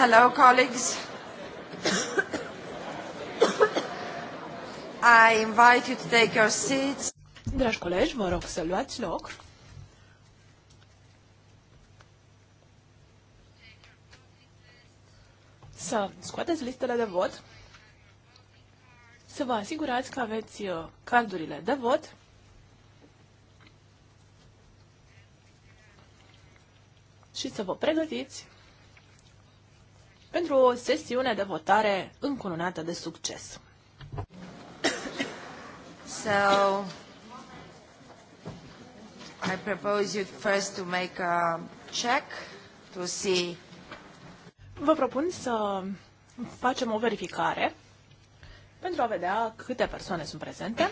Hello, colleagues. I invite you to take your seats. Dragi colegi, vă rog să luați loc. Să scoateți listele de vot. Să vă asigurați că aveți uh, cardurile de vot. Și să vă pregătiți pentru o sesiune de votare încununată de succes. So, I propose you first to make a check to see. Vă propun să facem o verificare pentru a vedea câte persoane sunt prezente.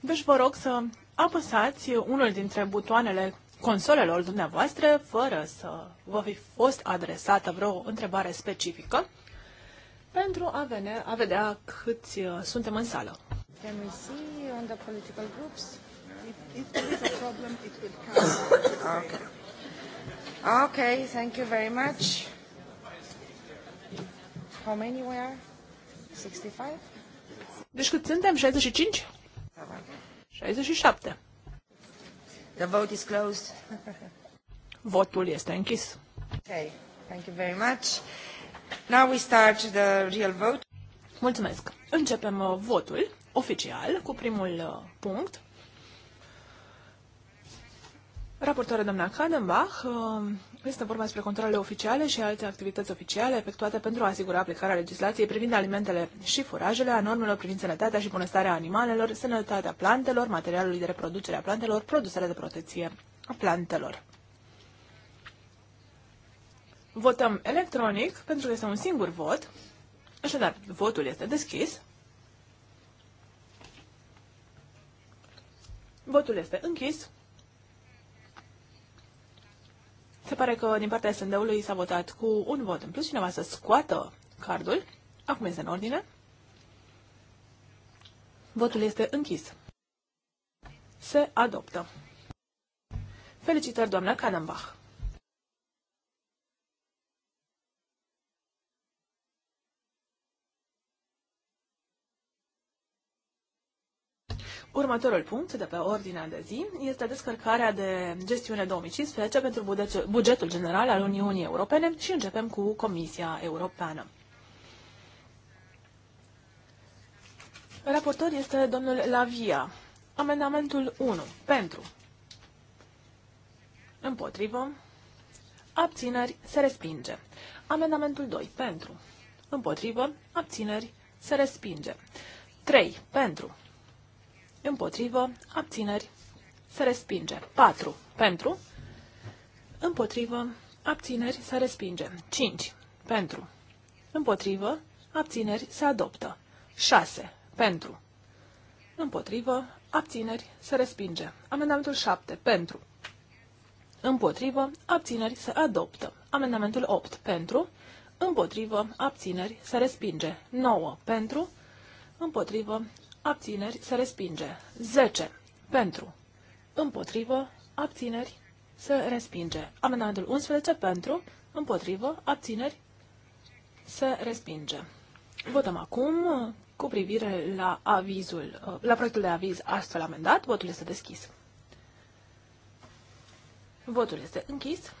Deci vă rog să apăsați unul dintre butoanele consolelor dumneavoastră, fără să vă fi fost adresată vreo întrebare specifică, pentru a, vene, a vedea câți uh, suntem în sală. Can we see on the political groups? If, if there is a problem, it will come. okay. Okay, thank you very much. How many we are? 65? Deci cât suntem? 65? 67. The vote is closed. Votul este închis. Okay. Thank you very much. Now we start the real vote. Mulțumesc. Începem uh, votul oficial cu primul uh, punct. Raportoarea doamna Kadenbach uh, este vorba despre controlele oficiale și alte activități oficiale efectuate pentru a asigura aplicarea legislației privind alimentele și furajele, a normelor privind sănătatea și bunăstarea animalelor, sănătatea plantelor, materialului de reproducere a plantelor, produsele de protecție a plantelor. Votăm electronic, pentru că este un singur vot. Așadar, votul este deschis. Votul este închis. Se pare că din partea SND-ului s-a votat cu un vot în plus. Cineva să scoată cardul. Acum este în ordine. Votul este închis. Se adoptă. Felicitări, doamna Kanambach. Următorul punct de pe ordinea de zi este descărcarea de gestiune 2015 pentru bugetul general al Uniunii Europene și începem cu Comisia Europeană. Raportor este domnul Lavia. Amendamentul 1. Pentru. Împotrivă. Abțineri. Se respinge. Amendamentul 2. Pentru. Împotrivă. Abțineri. Se respinge. 3. Pentru împotrivă, abțineri, se respinge. 4. Pentru, împotrivă, abțineri, se respinge. 5. Pentru, împotrivă, abțineri, se adoptă. 6. Pentru, împotrivă, abțineri, se respinge. Amendamentul 7. Pentru, împotrivă, abțineri, se adoptă. Amendamentul 8. Pentru, împotrivă, abțineri, se respinge. 9. Pentru, împotrivă, abțineri, se respinge. 10. Pentru, împotrivă, abțineri, se respinge. Amendamentul 11 pentru, împotrivă, abțineri, se respinge. Votăm acum cu privire la avizul, la proiectul de aviz astfel amendat. Votul este deschis. Votul este închis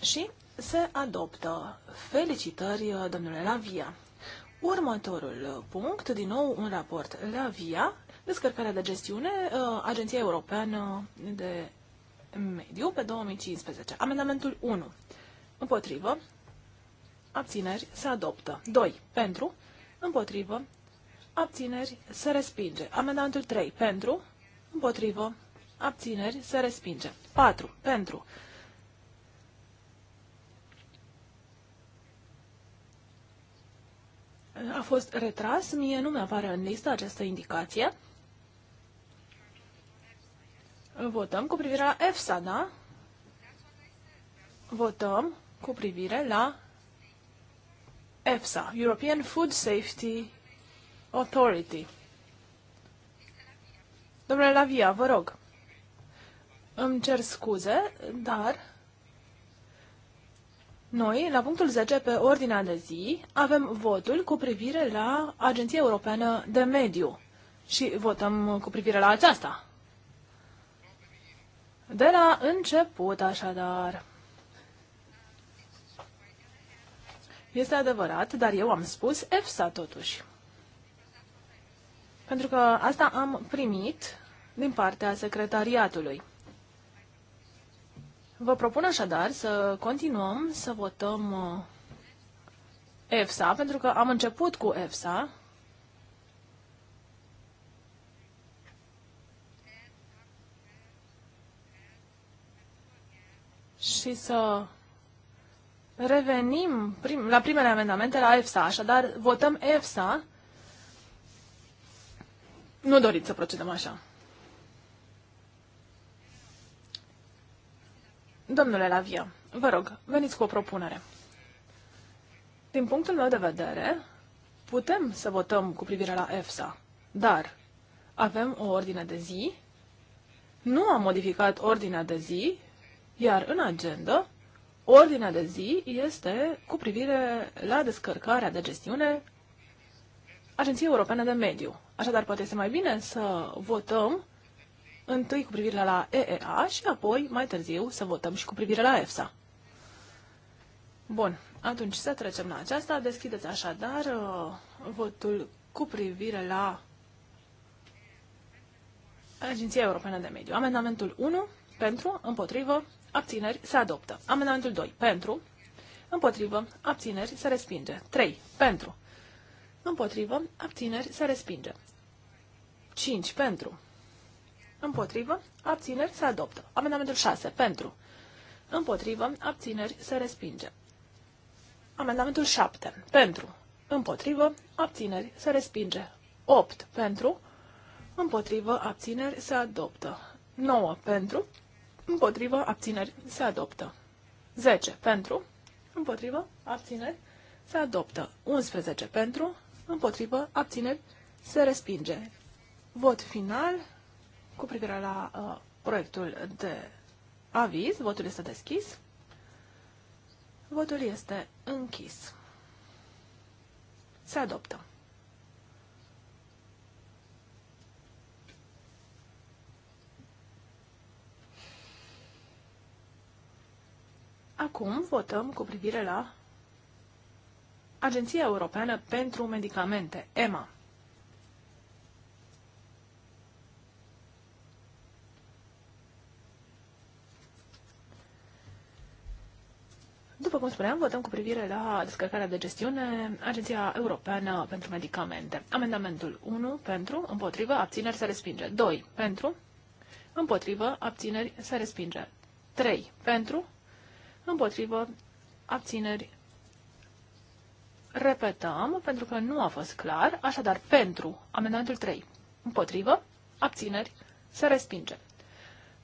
și se adoptă. Felicitări, domnule Lavia! Următorul uh, punct, din nou un raport la VIA, descărcarea de gestiune, uh, Agenția Europeană de Mediu pe 2015. Amendamentul 1. Împotrivă. Abțineri. Se adoptă. 2. Pentru. Împotrivă. Abțineri. Se respinge. Amendamentul 3. Pentru. Împotrivă. Abțineri. Se respinge. 4. Pentru. a fost retras. Mie nu mi-apare în listă această indicație. Votăm cu privire la EFSA, da? Votăm cu privire la EFSA, European Food Safety Authority. Domnule Lavia, vă rog. Îmi cer scuze, dar noi, la punctul 10 pe ordinea de zi, avem votul cu privire la Agenția Europeană de Mediu și votăm cu privire la aceasta. De la început, așadar. Este adevărat, dar eu am spus EFSA totuși. Pentru că asta am primit din partea secretariatului. Vă propun așadar să continuăm să votăm uh, EFSA, pentru că am început cu EFSA. Și să revenim prim, la primele amendamente la EFSA. Așadar, votăm EFSA. Nu doriți să procedăm așa. Domnule Lavia, vă rog, veniți cu o propunere. Din punctul meu de vedere, putem să votăm cu privire la EFSA, dar avem o ordine de zi, nu am modificat ordinea de zi, iar în agenda, ordinea de zi este cu privire la descărcarea de gestiune Agenției Europene de Mediu. Așadar, poate este mai bine să votăm întâi cu privire la EEA și apoi, mai târziu, să votăm și cu privire la EFSA. Bun, atunci să trecem la aceasta. Deschideți așadar uh, votul cu privire la Agenția Europeană de Mediu. Amendamentul 1 pentru, împotrivă, abțineri, se adoptă. Amendamentul 2 pentru, împotrivă, abțineri, se respinge. 3 pentru, împotrivă, abțineri, se respinge. 5 pentru, Împotrivă. Abțineri se adoptă. Amendamentul 6. Pentru. Împotrivă. Abțineri se respinge. Amendamentul 7. Pentru. Împotrivă. Abțineri se respinge. 8. Pentru. Împotrivă. Abțineri se adoptă. 9. Pentru. Împotrivă. Abțineri se adoptă. 10. Pentru. Împotrivă. Abțineri se adoptă. 11. Pentru. Împotrivă. Abțineri se respinge. Vot final cu privire la uh, proiectul de aviz. Votul este deschis. Votul este închis. Se adoptă. Acum votăm cu privire la Agenția Europeană pentru Medicamente, EMA. După cum spuneam, votăm cu privire la descărcarea de gestiune Agenția Europeană pentru Medicamente. Amendamentul 1 pentru, împotrivă, abțineri se respinge. 2 pentru, împotrivă, abțineri se respinge. 3 pentru, împotrivă, abțineri repetăm, pentru că nu a fost clar, așadar pentru amendamentul 3, împotrivă, abțineri, se respinge.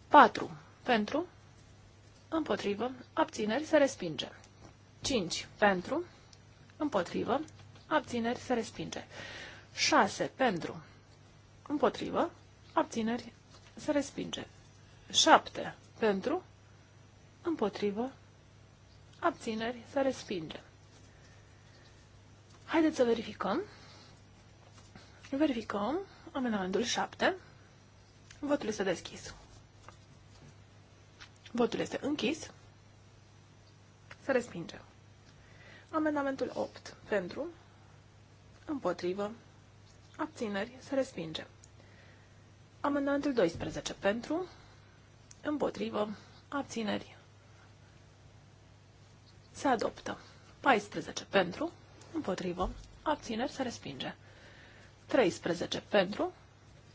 4. Pentru, împotrivă, abțineri, se respinge. 5 pentru, împotrivă, abțineri, se respinge. 6 pentru, împotrivă, abțineri, se respinge. 7 pentru, împotrivă, abțineri, se respinge. Haideți să verificăm. Verificăm amendamentul 7. Votul este deschis. Votul este închis. Se respinge. Amendamentul 8. Pentru. Împotrivă. Abțineri. Se respinge. Amendamentul 12. Pentru. Împotrivă. Abțineri. Se adoptă. 14. Pentru. Împotrivă. Abțineri. Se respinge. 13. Pentru.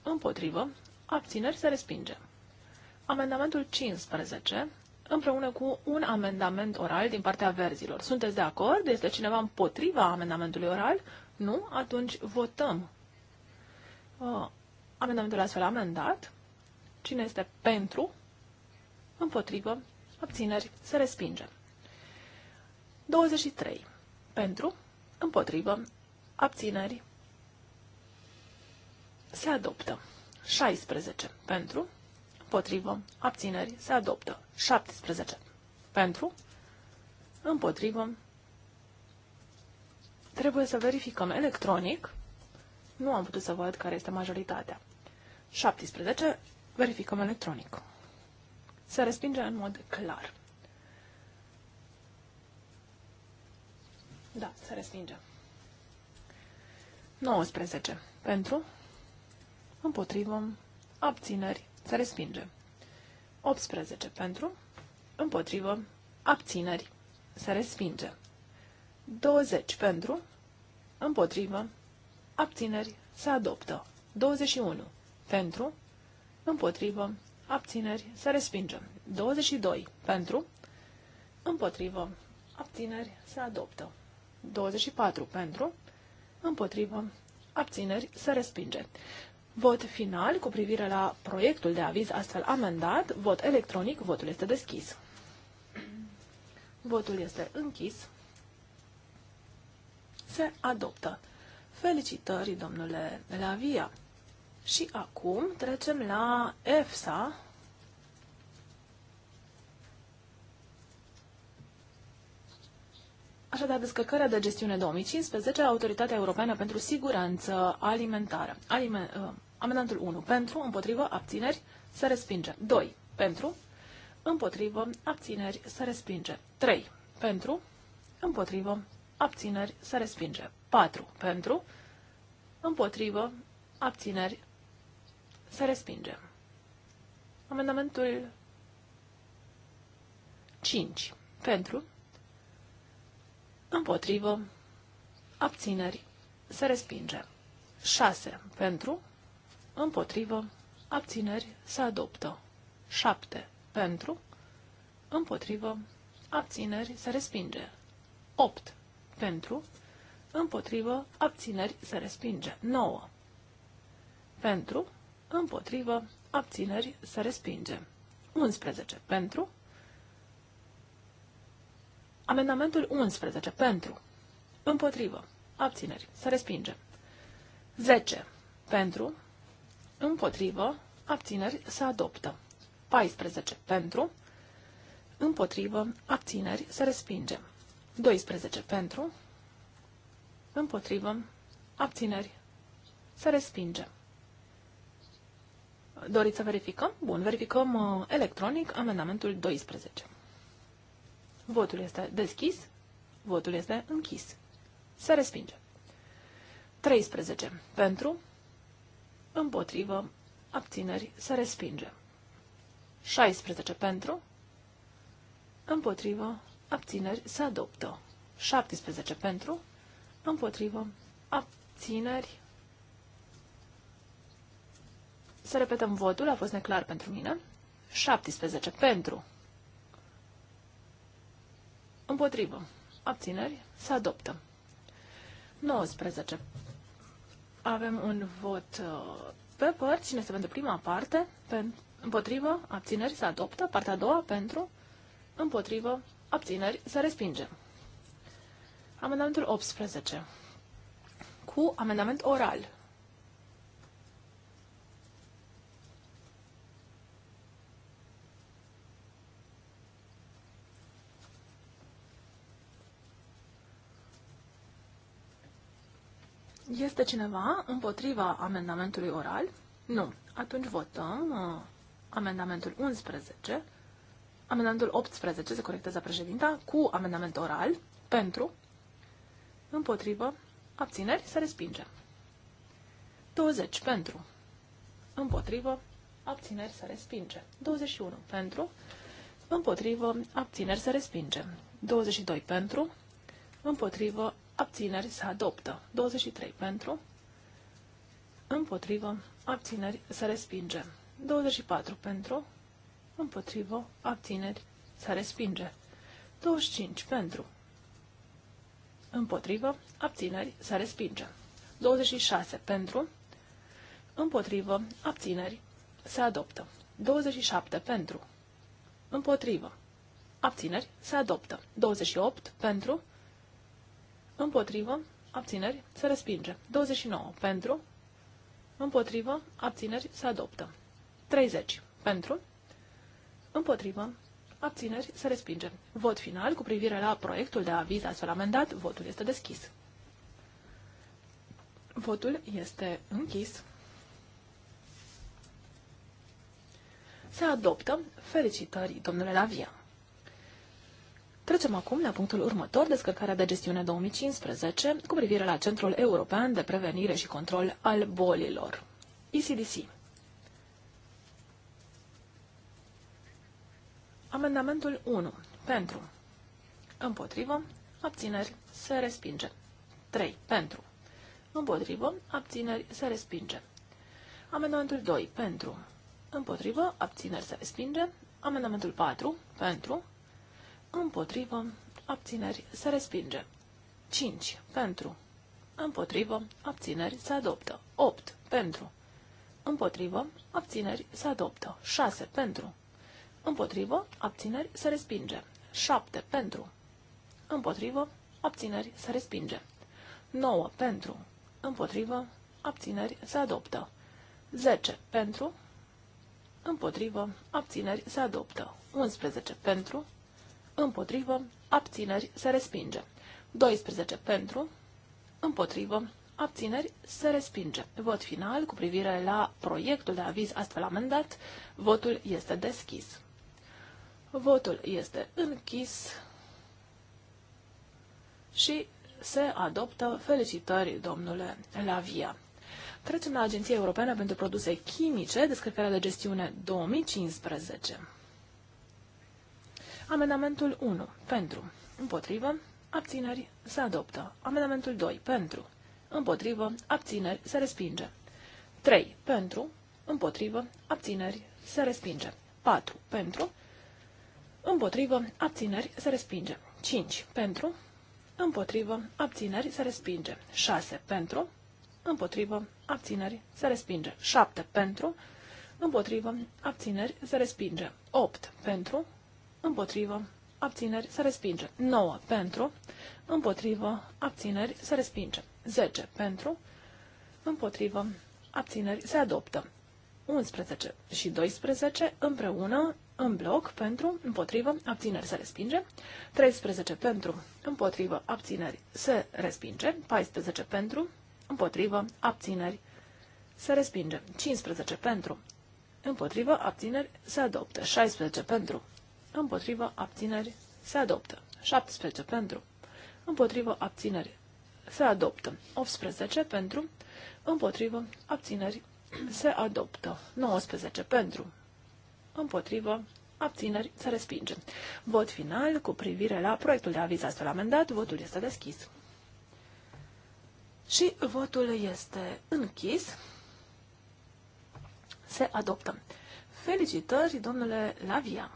Împotrivă. Abțineri. Se respinge. Amendamentul 15, împreună cu un amendament oral din partea verzilor. Sunteți de acord? Este cineva împotriva amendamentului oral? Nu? Atunci votăm. Uh, amendamentul astfel amendat. Cine este pentru? Împotrivă? Abțineri? Se respinge. 23. Pentru? Împotrivă? Abțineri? Se adoptă. 16. Pentru? împotrivă, abțineri, se adoptă. 17. Pentru, împotrivă, trebuie să verificăm electronic. Nu am putut să văd care este majoritatea. 17. Verificăm electronic. Se respinge în mod clar. Da, se respinge. 19. Pentru, împotrivă, abțineri, se respinge. 18 pentru, împotrivă, abțineri. Se respinge. 20 pentru, împotrivă, abțineri. Se adoptă. 21 pentru, împotrivă, abțineri. Se respinge. 22 pentru, împotrivă, abțineri. Se adoptă. 24 pentru, împotrivă, abțineri. Se respinge. Vot final cu privire la proiectul de aviz astfel amendat, vot electronic, votul este deschis. Votul este închis. Se adoptă. Felicitări, domnule Lavia. Și acum trecem la EFSA, Așadar, descărcarea de gestiune 2015, Autoritatea Europeană pentru Siguranță Alimentară. Alime, uh, amendantul 1. Pentru, împotrivă, abțineri, se respinge. 2. Pentru, împotrivă, abțineri, se respinge. 3. Pentru, împotrivă, abțineri, se respinge. 4. Pentru, împotrivă, abțineri, se respinge. Amendamentul 5. Pentru, împotrivă, abțineri, se respinge. 6. Pentru, împotrivă, abțineri, se adoptă. 7. Pentru, împotrivă, abțineri, se respinge. 8. Pentru, împotrivă, abțineri, se respinge. 9. Pentru, împotrivă, abțineri, se respinge. 11. Pentru, Amendamentul 11. Pentru. Împotrivă. Abțineri. Se respinge. 10. Pentru. Împotrivă. Abțineri. Se adoptă. 14. Pentru. Împotrivă. Abțineri. Se respinge. 12. Pentru. Împotrivă. Abțineri. Se respinge. Doriți să verificăm? Bun, verificăm uh, electronic amendamentul 12. Votul este deschis. Votul este închis. Se respinge. 13. Pentru. Împotrivă. Abțineri. Se respinge. 16. Pentru. Împotrivă. Abțineri. Se adoptă. 17. Pentru. Împotrivă. Abțineri. Să repetăm votul, a fost neclar pentru mine. 17. Pentru. Împotrivă. Abțineri. Se adoptă. 19. Avem un vot uh, pe părți. Cine este pentru prima parte? împotrivă. Abțineri. Se adoptă. Partea a doua. Pentru. Împotrivă. Abțineri. Se respinge. Amendamentul 18. Cu amendament oral. Este cineva împotriva amendamentului oral? Nu. Atunci votăm uh, amendamentul 11, amendamentul 18, se corectează președinta, cu amendament oral, pentru, împotrivă, abțineri, se respinge. 20 pentru, împotrivă, abțineri, se respinge. 21 pentru, împotrivă, abțineri, se respinge. 22 pentru, împotrivă, abțineri se adoptă. 23 pentru, împotrivă, abțineri se respinge. 24 pentru, împotrivă, abțineri se respinge. 25 pentru, împotrivă, abțineri se respinge. 26 pentru, împotrivă, abțineri se adoptă. 27 pentru, împotrivă, abțineri se adoptă. 28 pentru, Împotrivă. Abțineri. Se respinge. 29. Pentru. Împotrivă. Abțineri. Se adoptă. 30. Pentru. Împotrivă. Abțineri. Se respinge. Vot final cu privire la proiectul de aviz astfel amendat. Votul este deschis. Votul este închis. Se adoptă. Felicitări, domnule Lavia. Trecem acum la punctul următor, descărcarea de gestiune 2015 cu privire la Centrul European de Prevenire și Control al Bolilor, ECDC. Amendamentul 1. Pentru. Împotrivă. Abțineri. Se respinge. 3. Pentru. Împotrivă. Abțineri. Se respinge. Amendamentul 2. Pentru. Împotrivă. Abțineri. Se respinge. Amendamentul 4. Pentru împotrivă, abțineri, se respinge. 5. Pentru, împotrivă, abțineri, se adoptă. 8. Pentru, împotrivă, abțineri, se adoptă. 6. Pentru, împotrivă, abțineri, se respinge. 7. Pentru, împotrivă, abțineri, se respinge. 9. Pentru, împotrivă, abțineri, se adoptă. 10. Pentru, împotrivă, abțineri, se adoptă. 11. Pentru, împotrivă, abțineri, se respinge. 12 pentru, împotrivă, abțineri, se respinge. Vot final cu privire la proiectul de aviz astfel amendat, votul este deschis. Votul este închis și se adoptă felicitări domnule Lavia. Trecem la Agenția Europeană pentru Produse Chimice, descrierea de gestiune 2015. Amendamentul 1. Pentru. Împotrivă. Abțineri. Se adoptă. Amendamentul 2. Pentru. Împotrivă. Abțineri. Se respinge. 3. Pentru. Împotrivă. Abțineri. Se respinge. 4. Pentru. Împotrivă. Abțineri. Se respinge. 5. Pentru. Împotrivă. Abțineri. Se respinge. 6. Pentru. Împotrivă. Abțineri. Se respinge. 7. Pentru. Împotrivă. Abțineri. Se respinge. 8. Pentru împotrivă, abțineri, se respinge. 9 pentru, împotrivă, abțineri, se respinge. 10 pentru, împotrivă, abțineri, se adoptă. 11 și 12 împreună, în bloc, pentru, împotrivă, abțineri, se respinge. 13 pentru, împotrivă, abțineri, se respinge. 14 pentru, împotrivă, abțineri, se respinge. 15 pentru, împotrivă, abțineri, se adoptă. 16 pentru, împotrivă, abțineri, se adoptă. 17 pentru, împotrivă, abțineri, se adoptă. 18 pentru, împotrivă, abțineri, se adoptă. 19 pentru, împotrivă, abțineri, se respinge. Vot final cu privire la proiectul de aviz astfel amendat, votul este deschis. Și votul este închis. Se adoptă. Felicitări, domnule Lavia!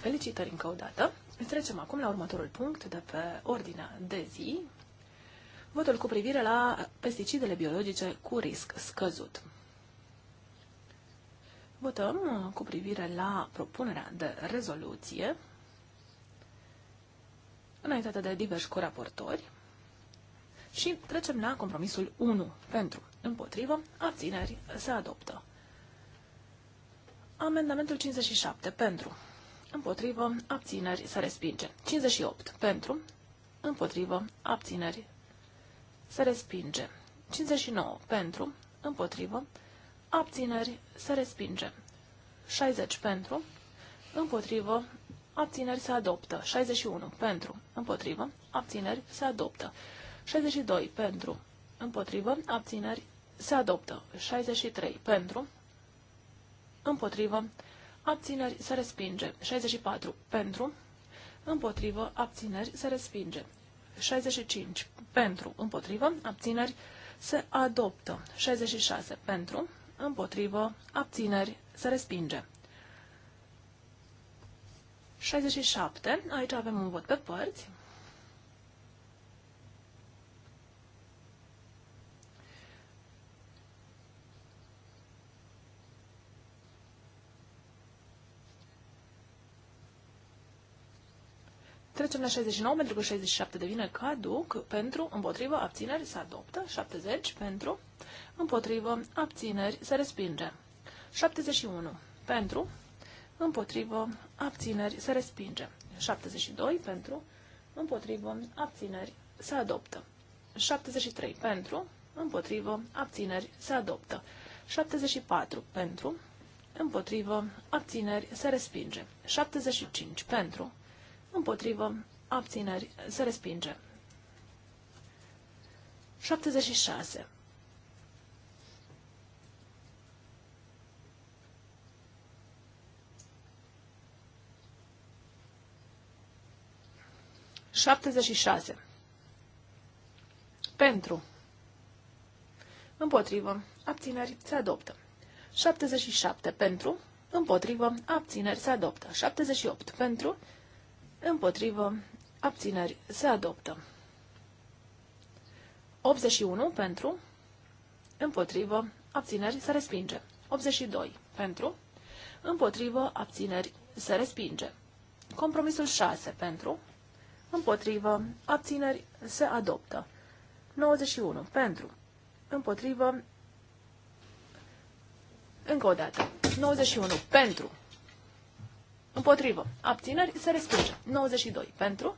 Felicitări încă o dată. Trecem acum la următorul punct de pe ordinea de zi. Votul cu privire la pesticidele biologice cu risc scăzut. Votăm cu privire la propunerea de rezoluție înaintată de diversi coraportori și trecem la compromisul 1 pentru împotrivă abțineri se adoptă. Amendamentul 57 pentru împotrivă, abțineri, se respinge. 58 pentru, împotrivă, abțineri, se respinge. 59 pentru, împotrivă, abțineri, se respinge. 60 pentru, împotrivă, abțineri, se adoptă. 61 pentru, împotrivă, abțineri, se adoptă. 62 pentru, împotrivă, abțineri, se adoptă. 63 pentru, împotrivă, abțineri, abțineri, se respinge. 64 pentru, împotrivă, abțineri, se respinge. 65 pentru, împotrivă, abțineri, se adoptă. 66 pentru, împotrivă, abțineri, se respinge. 67, aici avem un vot pe părți. Trecem la 69 pentru că 67 devine caduc. Pentru, împotrivă, abțineri se adoptă. 70 pentru, împotrivă, abțineri se respinge. 71 pentru, împotrivă, abțineri se respinge. 72 pentru, împotrivă, abțineri se adoptă. 73 pentru, împotrivă, abțineri se adoptă. 74 pentru, împotrivă, abțineri se respinge. 75 pentru, împotrivă, abțineri, se respinge. 76. Șaptezeci și șase. Pentru. Împotrivă. Abțineri. Se adoptă. 77. Pentru. Împotrivă. Abțineri. Se adoptă. 78. Pentru împotrivă, abțineri, se adoptă. 81 pentru, împotrivă, abțineri, se respinge. 82 pentru, împotrivă, abțineri, se respinge. Compromisul 6 pentru, împotrivă, abțineri, se adoptă. 91 pentru, împotrivă, încă o dată, 91 pentru, Împotrivă. Abțineri se respinge. 92 pentru.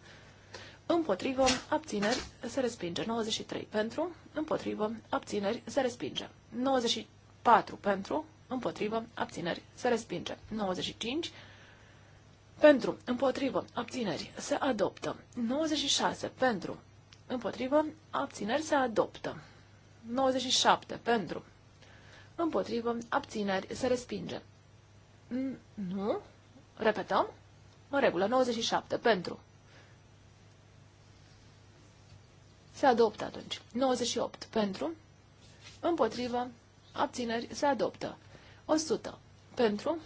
Împotrivă. Abțineri se respinge. 93 pentru. Împotrivă. Abțineri se respinge. 94 pentru. Împotrivă. Abțineri se respinge. 95 pentru. Împotrivă. Abțineri se adoptă. 96 pentru. Împotrivă. Abțineri se adoptă. 97 pentru. Împotrivă. Abțineri se respinge. Nu. Repetăm. În regulă, 97 pentru. Se adoptă atunci. 98 pentru. Împotrivă. Abțineri. Se adoptă. 100 pentru.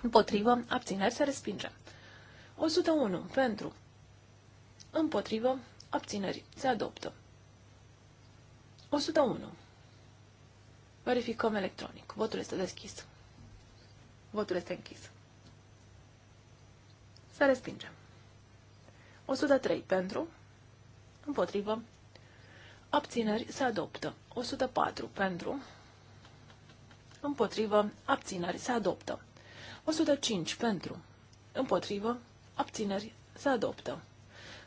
Împotrivă. Abțineri. Se respinge. 101 pentru. Împotrivă. Abțineri. Se adoptă. 101. Verificăm electronic. Votul este deschis. Votul este închis. Să respingem. 103 pentru, împotrivă, abțineri se adoptă. 104 pentru, împotrivă, abțineri se adoptă. 105 pentru, împotrivă, abțineri se adoptă.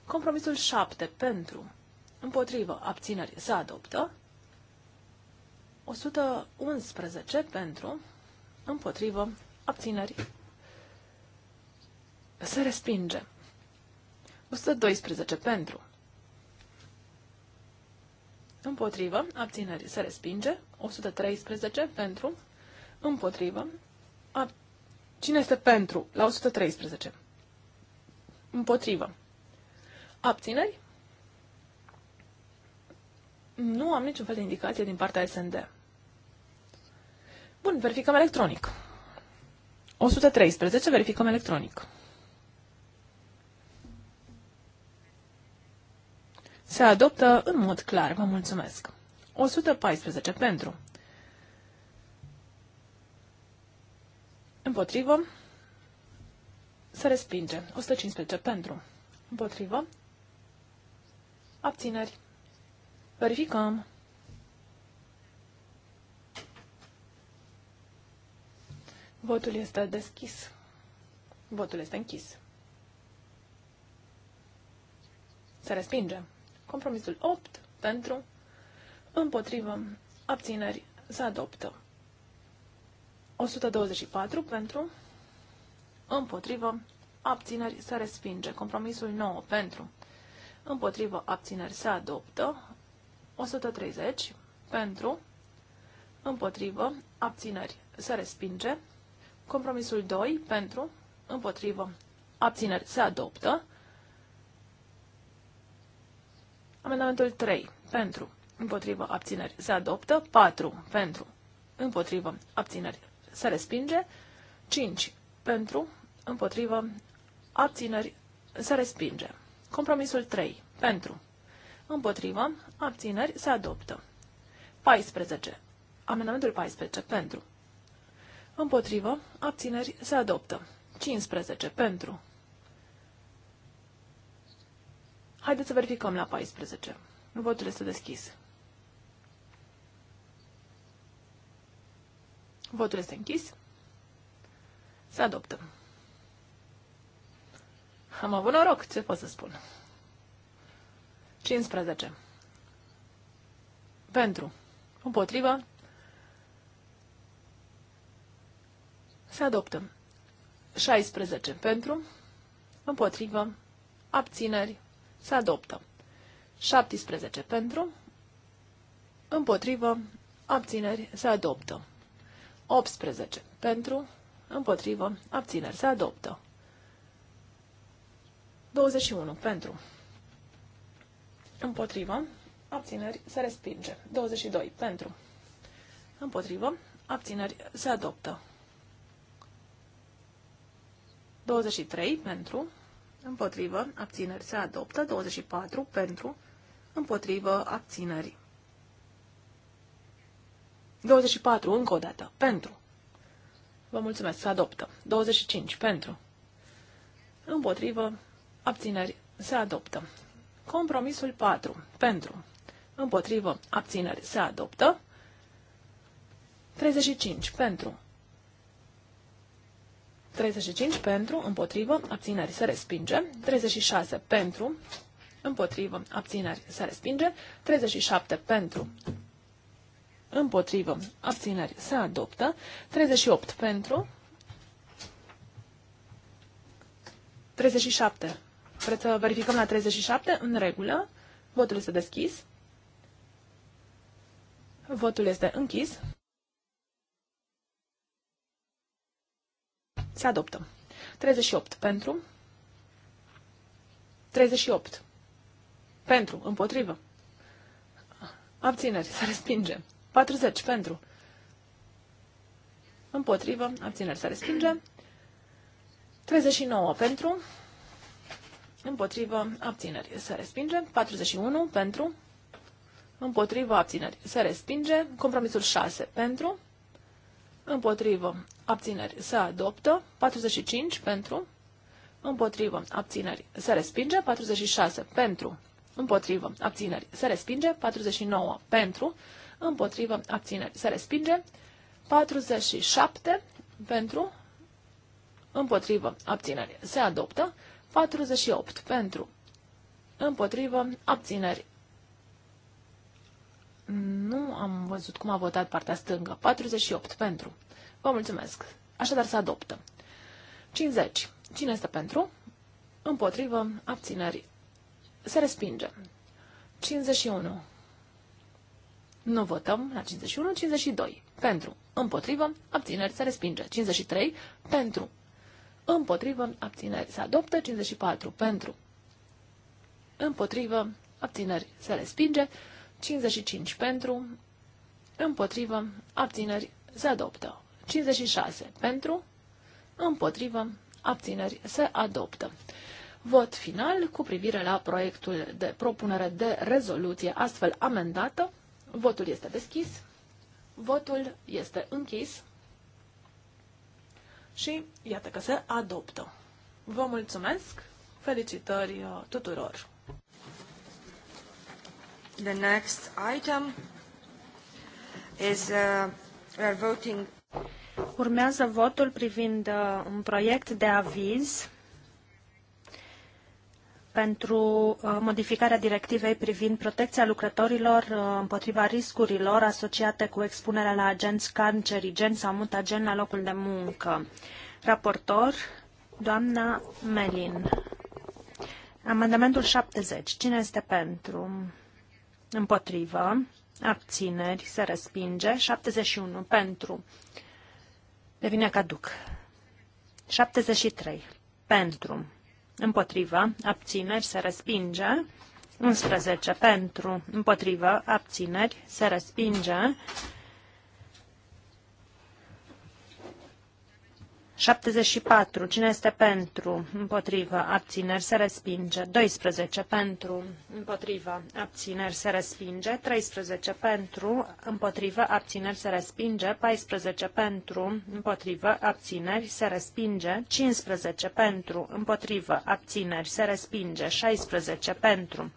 Compromisul 7 pentru, împotrivă, abțineri se adoptă. 111 pentru, împotrivă, abțineri se respinge. 112 pentru. Împotrivă, abțineri, se respinge. 113 pentru. Împotrivă. Ab... Cine este pentru? La 113. Împotrivă. Abțineri? Nu am niciun fel de indicație din partea SND. Bun, verificăm electronic. 113, verificăm electronic. se adoptă în mod clar. Vă mulțumesc. 114 pentru. Împotrivă. Se respinge. 115 pentru. Împotrivă. Abțineri. Verificăm. Votul este deschis. Votul este închis. Se respinge. Compromisul 8 pentru, împotrivă, abțineri, se adoptă. 124 pentru, împotrivă, abțineri, se respinge. Compromisul 9 pentru, împotrivă, abțineri, se adoptă. 130 pentru, împotrivă, abțineri, se respinge. Compromisul 2 pentru, împotrivă, abțineri, se adoptă. Amendamentul 3. Pentru. Împotrivă. Abțineri. Se adoptă. 4. Pentru. Împotrivă. Abțineri. Se respinge. 5. Pentru. Împotrivă. Abțineri. Se respinge. Compromisul 3. Pentru. Împotrivă. Abțineri. Se adoptă. 14. Amendamentul 14. Pentru. Împotrivă. Abțineri. Se adoptă. 15. Pentru. Haideți să verificăm la 14. Votul este deschis. Votul este închis. Se adoptă. Am avut noroc, ce pot să spun. 15. Pentru. Împotrivă. Se adoptă. 16. Pentru. Împotrivă. Abțineri. Se adoptă. 17 pentru, împotrivă, abțineri, se adoptă. 18 pentru, împotrivă, abțineri, se adoptă. 21 pentru, împotrivă, abțineri, se respinge. 22 pentru, împotrivă, abțineri, se adoptă. 23 pentru, împotrivă, abțineri se adoptă, 24 pentru, împotrivă, abțineri. 24, încă o dată, pentru. Vă mulțumesc, se adoptă. 25, pentru. Împotrivă, abțineri, se adoptă. Compromisul 4, pentru. Împotrivă, abțineri, se adoptă. 35, pentru. 35 pentru, împotrivă, abțineri se respinge. 36 pentru, împotrivă, abțineri se respinge. 37 pentru, împotrivă, abțineri se adoptă. 38 pentru, 37. Vreți să verificăm la 37? În regulă. Votul este deschis. Votul este închis. Se adoptă. 38 pentru. 38 pentru. Împotrivă. Abțineri. Se respinge. 40 pentru. Împotrivă. Abțineri. Se respinge. 39 pentru. Împotrivă. Abțineri. Se respinge. 41 pentru. Împotrivă. Abțineri. Se respinge. Compromisul 6 pentru. Împotrivă. Abțineri. Se adoptă. 45 pentru. Împotrivă. Abțineri. Se respinge. 46 pentru. Împotrivă. Abțineri. Se respinge. 49 pentru. Împotrivă. Abțineri. Se respinge. 47 pentru. Împotrivă. Abțineri. Se adoptă. 48 pentru. Împotrivă. Abțineri. Nu am văzut cum a votat partea stângă. 48 pentru. Vă mulțumesc. Așadar se adoptă. 50. Cine este pentru? Împotrivă. Abțineri. Se respinge. 51. Nu votăm la 51, 52. Pentru. Împotrivă. Abțineri. Se respinge. 53. Pentru. Împotrivă. Abțineri. Se adoptă. 54. Pentru. Împotrivă. Abțineri. Se respinge. 55 pentru, împotrivă, abțineri, se adoptă. 56 pentru, împotrivă, abțineri, se adoptă. Vot final cu privire la proiectul de propunere de rezoluție astfel amendată. Votul este deschis. Votul este închis. Și iată că se adoptă. Vă mulțumesc! Felicitări uh, tuturor! The next item is uh, we are voting. Urmează votul privind uh, un proiect de aviz pentru uh, modificarea directivei privind protecția lucrătorilor uh, împotriva riscurilor asociate cu expunerea la agenți cancerigeni sau mutageni la locul de muncă. Raportor, doamna Melin. Amendamentul 70. Cine este pentru? împotrivă, abțineri, se respinge, 71 pentru, devine caduc, 73 pentru, împotrivă, abțineri, se respinge, 11 pentru, împotrivă, abțineri, se respinge, 74. Cine este pentru? Împotrivă. Abțineri se respinge. 12. Pentru. Împotrivă. Abțineri se respinge. 13. Pentru. Împotrivă. Abțineri se respinge. 14. Pentru. Împotrivă. Abțineri se respinge. 15. Pentru. Împotrivă. Abțineri se respinge. 16. Pentru.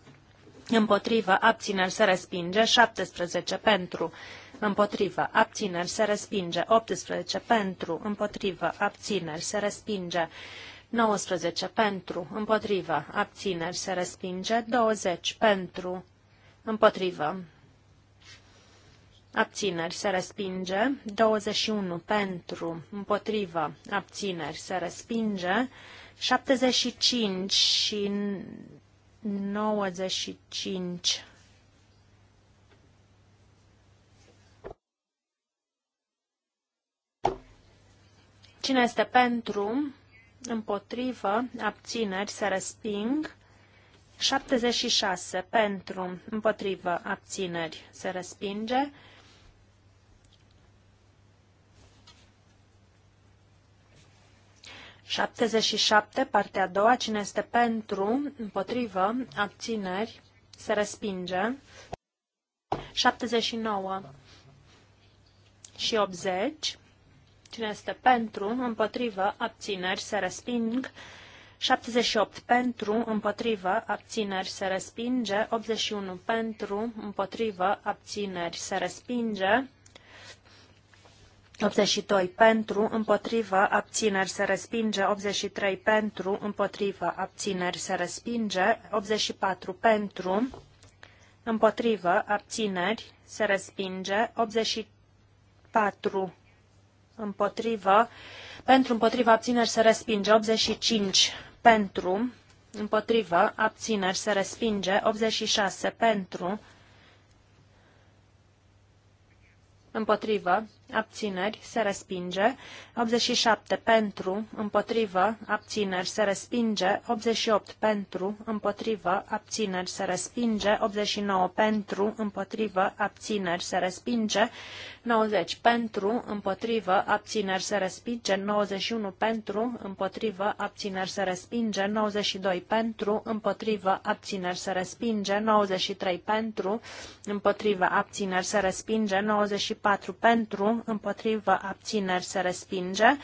Împotrivă. Abțineri se respinge. 17. Pentru împotrivă, abțineri, se respinge. 18 pentru, împotrivă, abțineri, se respinge. 19 pentru, împotrivă, abțineri, se respinge. 20 pentru, împotrivă, Abțineri se respinge. 21 pentru, împotrivă, abțineri se respinge. 75 și 95 Cine este pentru? Împotrivă. Abțineri. Se resping. 76. Pentru. Împotrivă. Abțineri. Se respinge. Șaptezeci și șapte, partea a doua, cine este pentru, împotrivă, abțineri, se respinge. 79 și 80 Cine este pentru, împotrivă, abțineri, se resping. 78 pentru, împotrivă, abțineri, se respinge. 81 pentru, împotrivă, abțineri, se respinge. 82 pentru, împotrivă, abțineri se respinge, 83 pentru, împotrivă, abțineri se respinge, 84 pentru, împotrivă, abțineri se respinge, 84 împotrivă, pentru împotrivă abțineri se respinge 85 pentru, împotrivă abțineri se respinge 86 pentru, împotrivă abțineri, se respinge. 87 pentru, împotrivă, abțineri, se respinge. 88 pentru, împotrivă, abțineri, se respinge. 89 pentru, împotrivă, abțineri, se respinge. 90 pentru, împotrivă, abțineri, se respinge. 91 pentru, împotrivă, abțineri, se respinge. 92 pentru, împotrivă, abțineri, se respinge. 93 pentru, împotrivă, abțineri, se respinge. 94 pentru, împotrivă, abțineri, se respinge.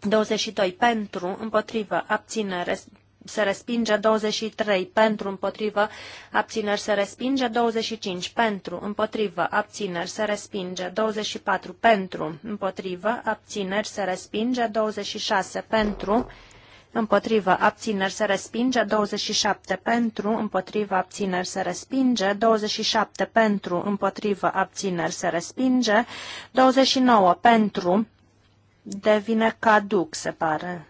22 pentru, împotrivă, abțineri, se respinge 23 pentru împotrivă, abțineri se respinge 25 pentru împotrivă, abțineri se respinge 24 pentru împotrivă, abțineri se respinge 26 pentru împotrivă, abțineri, se respinge. 27 pentru, împotrivă, abțineri, se respinge. 27 pentru, împotrivă, abțineri, se respinge. 29 pentru, devine caduc, se pare.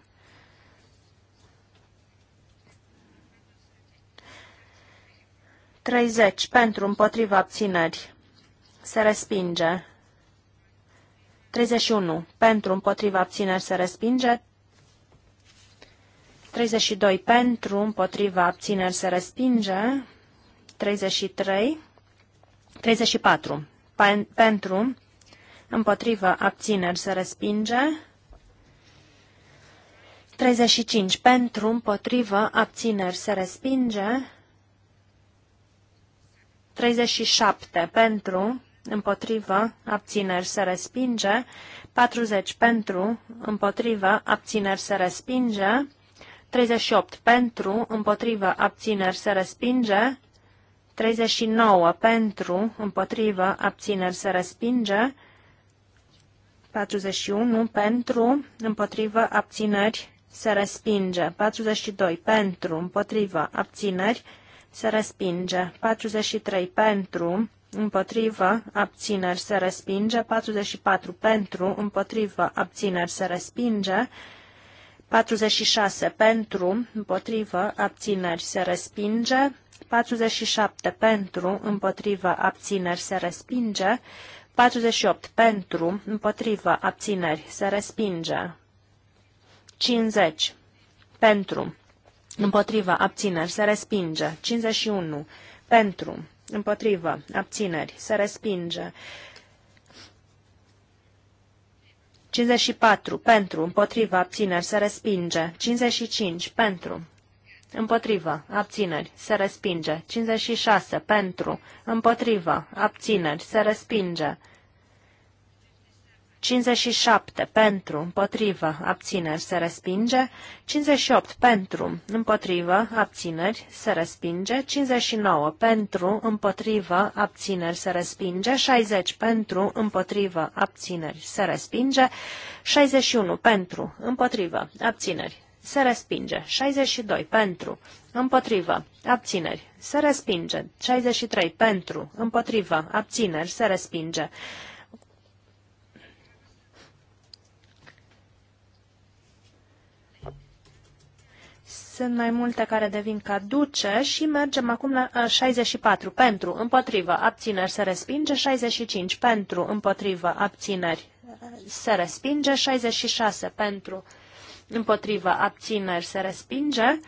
Treizeci pentru împotriva abțineri. Se respinge. unu, Pentru împotriva abțineri se respinge. 32 pentru, împotriva abțineri se respinge. 33, 34 pen, pentru, împotriva abțineri se respinge. 35 pentru, împotriva abțineri se respinge. 37 pentru, împotriva abțineri se respinge, 40 pentru, împotriva abțineri se respinge, 38 pentru, împotrivă, abțineri se respinge. 39 pentru, împotrivă, abțineri se respinge. 41 pentru, împotrivă, abțineri se respinge. 42 pentru, împotrivă, abțineri se respinge. 43 pentru, împotrivă, abțineri se respinge. 44 pentru, împotrivă, abțineri se respinge. 46 pentru, împotrivă, abțineri se respinge. 47 pentru, împotrivă, abțineri se respinge. 48 pentru, împotrivă, abțineri se respinge. 50 pentru, împotrivă, abțineri se respinge. 51 pentru, împotrivă, abțineri se respinge. 54. Pentru. Împotrivă. Abțineri. Se respinge. 55. Pentru. Împotrivă. Abțineri. Se respinge. 56. Pentru. Împotrivă. Abțineri. Se respinge. 57 pentru, împotrivă, abțineri, se respinge. 58 pentru, împotrivă, abțineri, se respinge. 59 pentru, împotrivă, abțineri, se respinge. 60 pentru, împotrivă, abțineri, se respinge. 61 pentru, împotrivă, abțineri, se respinge. 62 pentru, împotrivă, abțineri, se respinge. 63 pentru, împotrivă, abțineri, se respinge. Sunt mai multe care devin caduce și mergem acum la 64. Pentru, împotrivă, abțineri se respinge. 65. Pentru, împotrivă, abțineri se respinge. 66. Pentru, împotrivă, abțineri se respinge.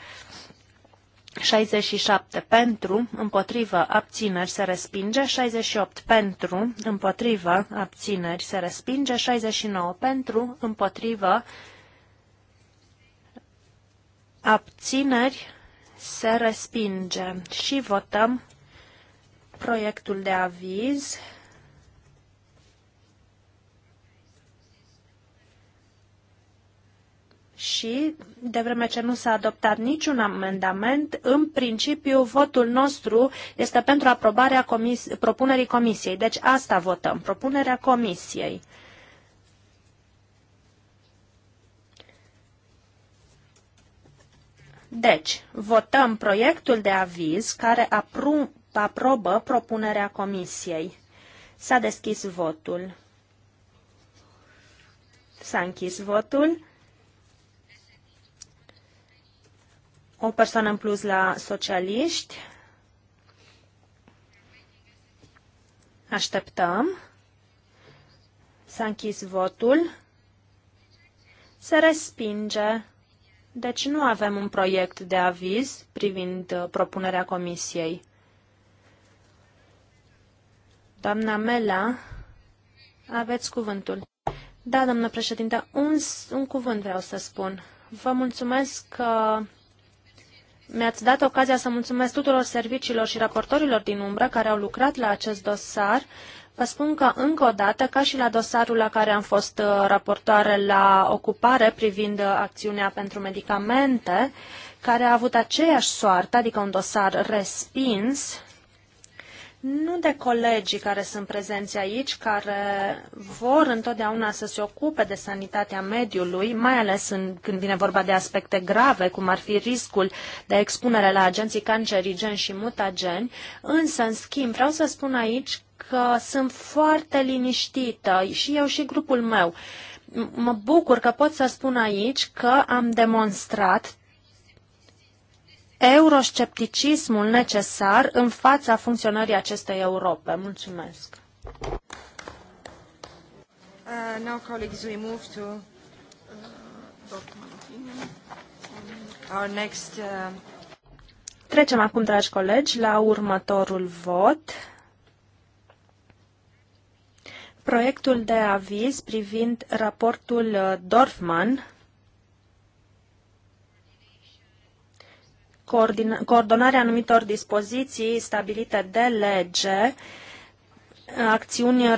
67 pentru, împotrivă, abțineri se respinge, 68 pentru, împotrivă, abțineri se respinge, 69 pentru, împotrivă, abțineri, se respinge. Și votăm proiectul de aviz. și, de vreme ce nu s-a adoptat niciun amendament, în principiu votul nostru este pentru aprobarea comis propunerii comisiei. Deci asta votăm, propunerea comisiei. Deci, votăm proiectul de aviz care apru- aprobă propunerea Comisiei. S-a deschis votul. S-a închis votul. O persoană în plus la socialiști. Așteptăm. S-a închis votul. Se respinge. Deci nu avem un proiect de aviz privind uh, propunerea comisiei. Doamna Mela, aveți cuvântul. Da, doamnă președinte, un, un cuvânt vreau să spun. Vă mulțumesc că mi-ați dat ocazia să mulțumesc tuturor serviciilor și raportorilor din umbră care au lucrat la acest dosar Vă spun că, încă o dată, ca și la dosarul la care am fost uh, raportoare la ocupare privind uh, acțiunea pentru medicamente, care a avut aceeași soartă, adică un dosar respins nu de colegii care sunt prezenți aici, care vor întotdeauna să se ocupe de sanitatea mediului, mai ales în, când vine vorba de aspecte grave, cum ar fi riscul de expunere la agenții cancerigeni și mutageni, însă, în schimb, vreau să spun aici că sunt foarte liniștită și eu și grupul meu. Mă bucur că pot să spun aici că am demonstrat euroscepticismul necesar în fața funcționării acestei Europe. Mulțumesc. Uh, now, colleagues, we move to uh, our next, uh... Trecem acum, dragi colegi, la următorul vot. Proiectul de aviz privind raportul uh, Dorfman coordonarea anumitor dispoziții stabilite de lege, acțiuni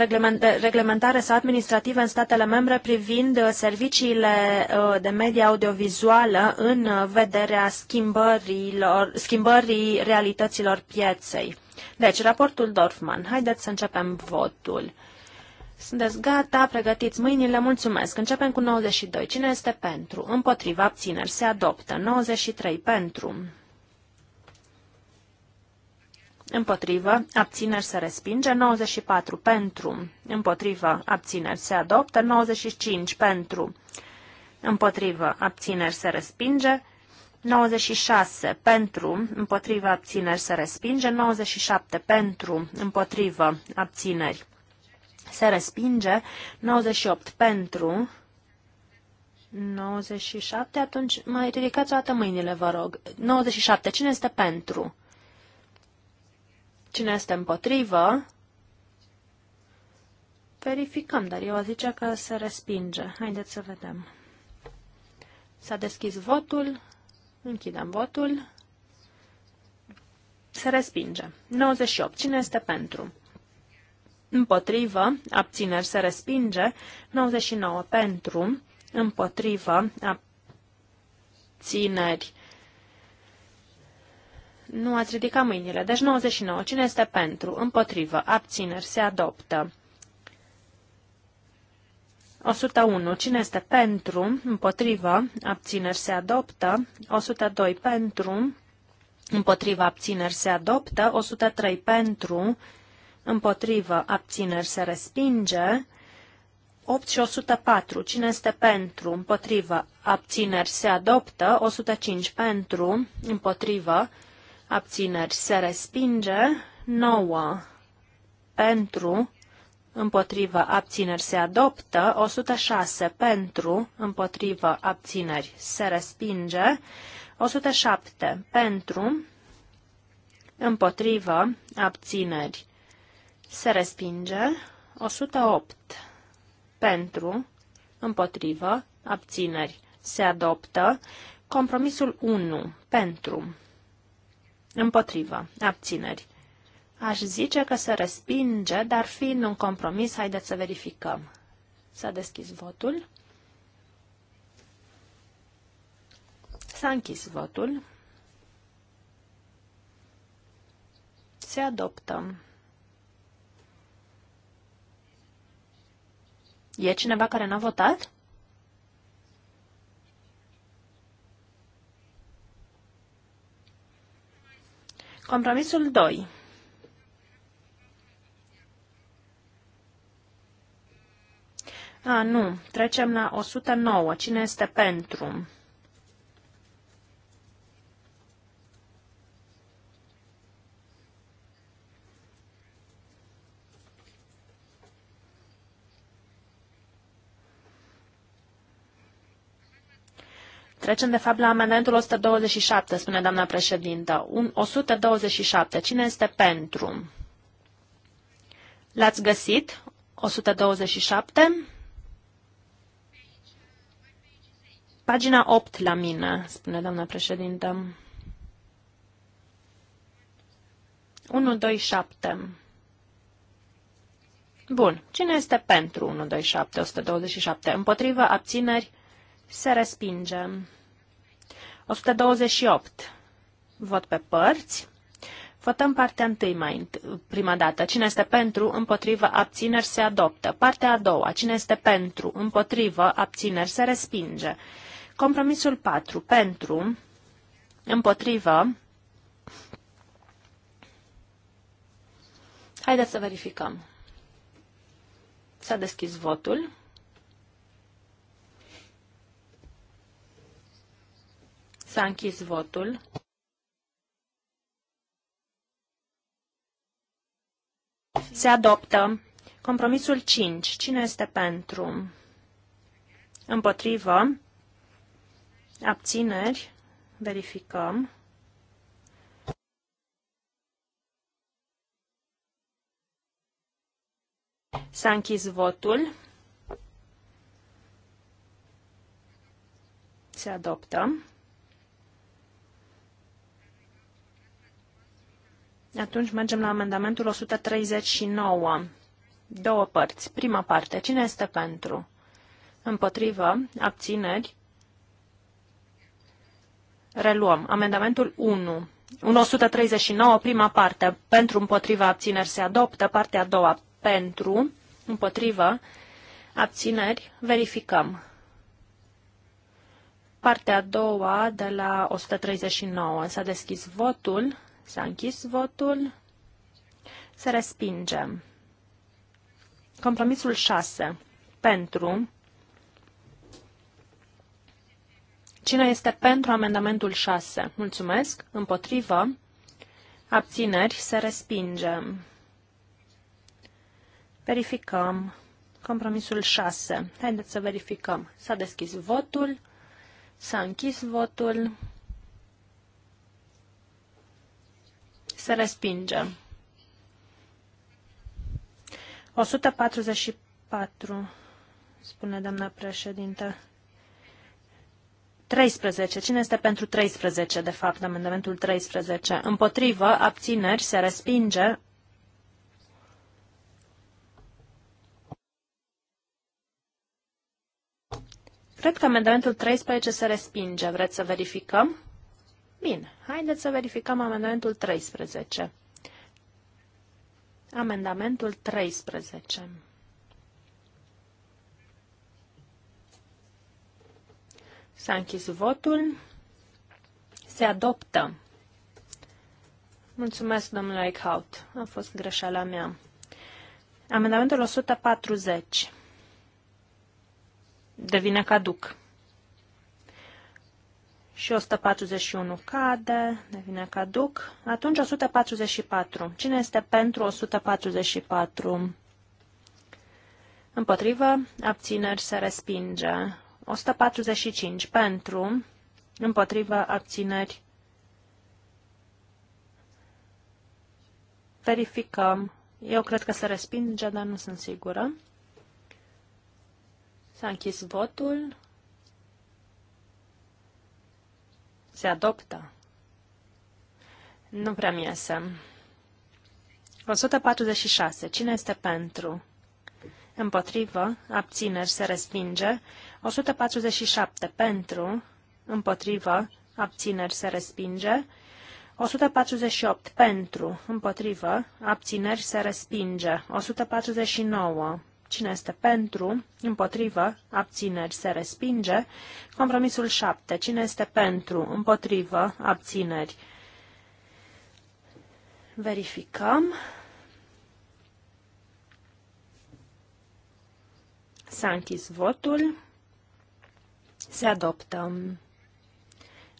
reglementare sau administrative în statele membre privind uh, serviciile uh, de media audiovizuală în vederea schimbărilor, schimbării realităților pieței. Deci, raportul Dorfman. Haideți să începem votul. Sunteți gata, pregătiți mâinile, mulțumesc. Începem cu 92. Cine este pentru? Împotriva abțineri. Se adoptă. 93 pentru împotrivă, abțineri se respinge, 94 pentru, împotrivă, abțineri se adoptă, 95 pentru, împotrivă, abțineri se respinge, 96 pentru, împotrivă, abțineri se respinge, 97 pentru, împotrivă, abțineri se respinge, 98 pentru, 97, atunci mai ridicați o dată mâinile, vă rog. 97, cine este pentru? Cine este împotrivă? Verificăm, dar eu zice că se respinge. Haideți să vedem. S-a deschis votul. Închidem votul. Se respinge. 98. Cine este pentru? Împotrivă. Abțineri. Se respinge. 99. Pentru. Împotrivă. Abțineri. Nu ați ridicat mâinile. Deci 99. Cine este pentru? Împotrivă. Abțineri. Se adoptă. 101. Cine este pentru? Împotrivă. Abțineri. Se adoptă. 102. Pentru. Împotrivă. Abțineri. Se adoptă. 103. Pentru. Împotrivă. Abțineri. Se respinge. 8 și 104. Cine este pentru? Împotrivă. Abțineri se adoptă. 105 pentru. Împotrivă abțineri se respinge, 9 pentru, împotrivă abțineri se adoptă, 106 pentru, împotrivă abțineri se respinge, 107 pentru, împotrivă abțineri se respinge, 108 pentru, împotrivă abțineri se adoptă, compromisul 1 pentru, Împotrivă. Abțineri. Aș zice că se respinge, dar fiind un compromis, haideți să verificăm. S-a deschis votul. S-a închis votul. Se adoptă. E cineva care n-a votat? Compromisul 2. A, nu. Trecem la 109. Cine este pentru? Trecem, de fapt, la amendamentul 127, spune doamna președintă. Un 127. Cine este pentru? L-ați găsit? 127. Pagina 8 la mine, spune doamna președintă. 127. Bun. Cine este pentru 127, 127? Împotrivă, abțineri, se respinge. 128. Vot pe părți. Votăm partea întâi mai prima dată. Cine este pentru, împotrivă, abțineri, se adoptă. Partea a doua. Cine este pentru, împotrivă, abțineri, se respinge. Compromisul 4. Pentru, împotrivă. Haideți să verificăm. S-a deschis votul. S-a închis votul. Se adoptă. Compromisul 5. Cine este pentru? Împotrivă. Abțineri. Verificăm. S-a închis votul. Se adoptă. Atunci mergem la amendamentul 139. Două părți. Prima parte. Cine este pentru? Împotrivă. Abțineri. Reluăm. Amendamentul 1. 139, prima parte. Pentru împotriva abțineri se adoptă. Partea a doua. Pentru împotriva abțineri. Verificăm. Partea a doua de la 139. S-a deschis votul. S-a închis votul. Se respinge. Compromisul 6. Pentru. Cine este pentru amendamentul 6? Mulțumesc. Împotrivă. Abțineri. Se respinge. Verificăm. Compromisul 6. Haideți să verificăm. S-a deschis votul. S-a închis votul. Se respinge. 144, spune doamna președinte. 13. Cine este pentru 13, de fapt, amendamentul 13? Împotrivă, abțineri, se respinge. Cred că amendamentul 13 se respinge. Vreți să verificăm? Bine, haideți să verificăm amendamentul 13. Amendamentul 13. S-a închis votul. Se adoptă. Mulțumesc, domnule Eichhout. A fost greșeala mea. Amendamentul 140. Devine caduc și 141 cade, devine caduc. Atunci 144. Cine este pentru 144? Împotrivă, abțineri se respinge. 145 pentru, împotrivă, abțineri. Verificăm. Eu cred că se respinge, dar nu sunt sigură. S-a închis votul. Se adoptă. Nu prea mi 146. Cine este pentru? Împotrivă. Abțineri. Se respinge. 147. Pentru. Împotrivă. Abțineri. Se respinge. 148. Pentru. Împotrivă. Abțineri. Se respinge. 149. Cine este pentru? Împotrivă. Abțineri. Se respinge. Compromisul 7. Cine este pentru? Împotrivă. Abțineri. Verificăm. S-a închis votul. Se adoptă.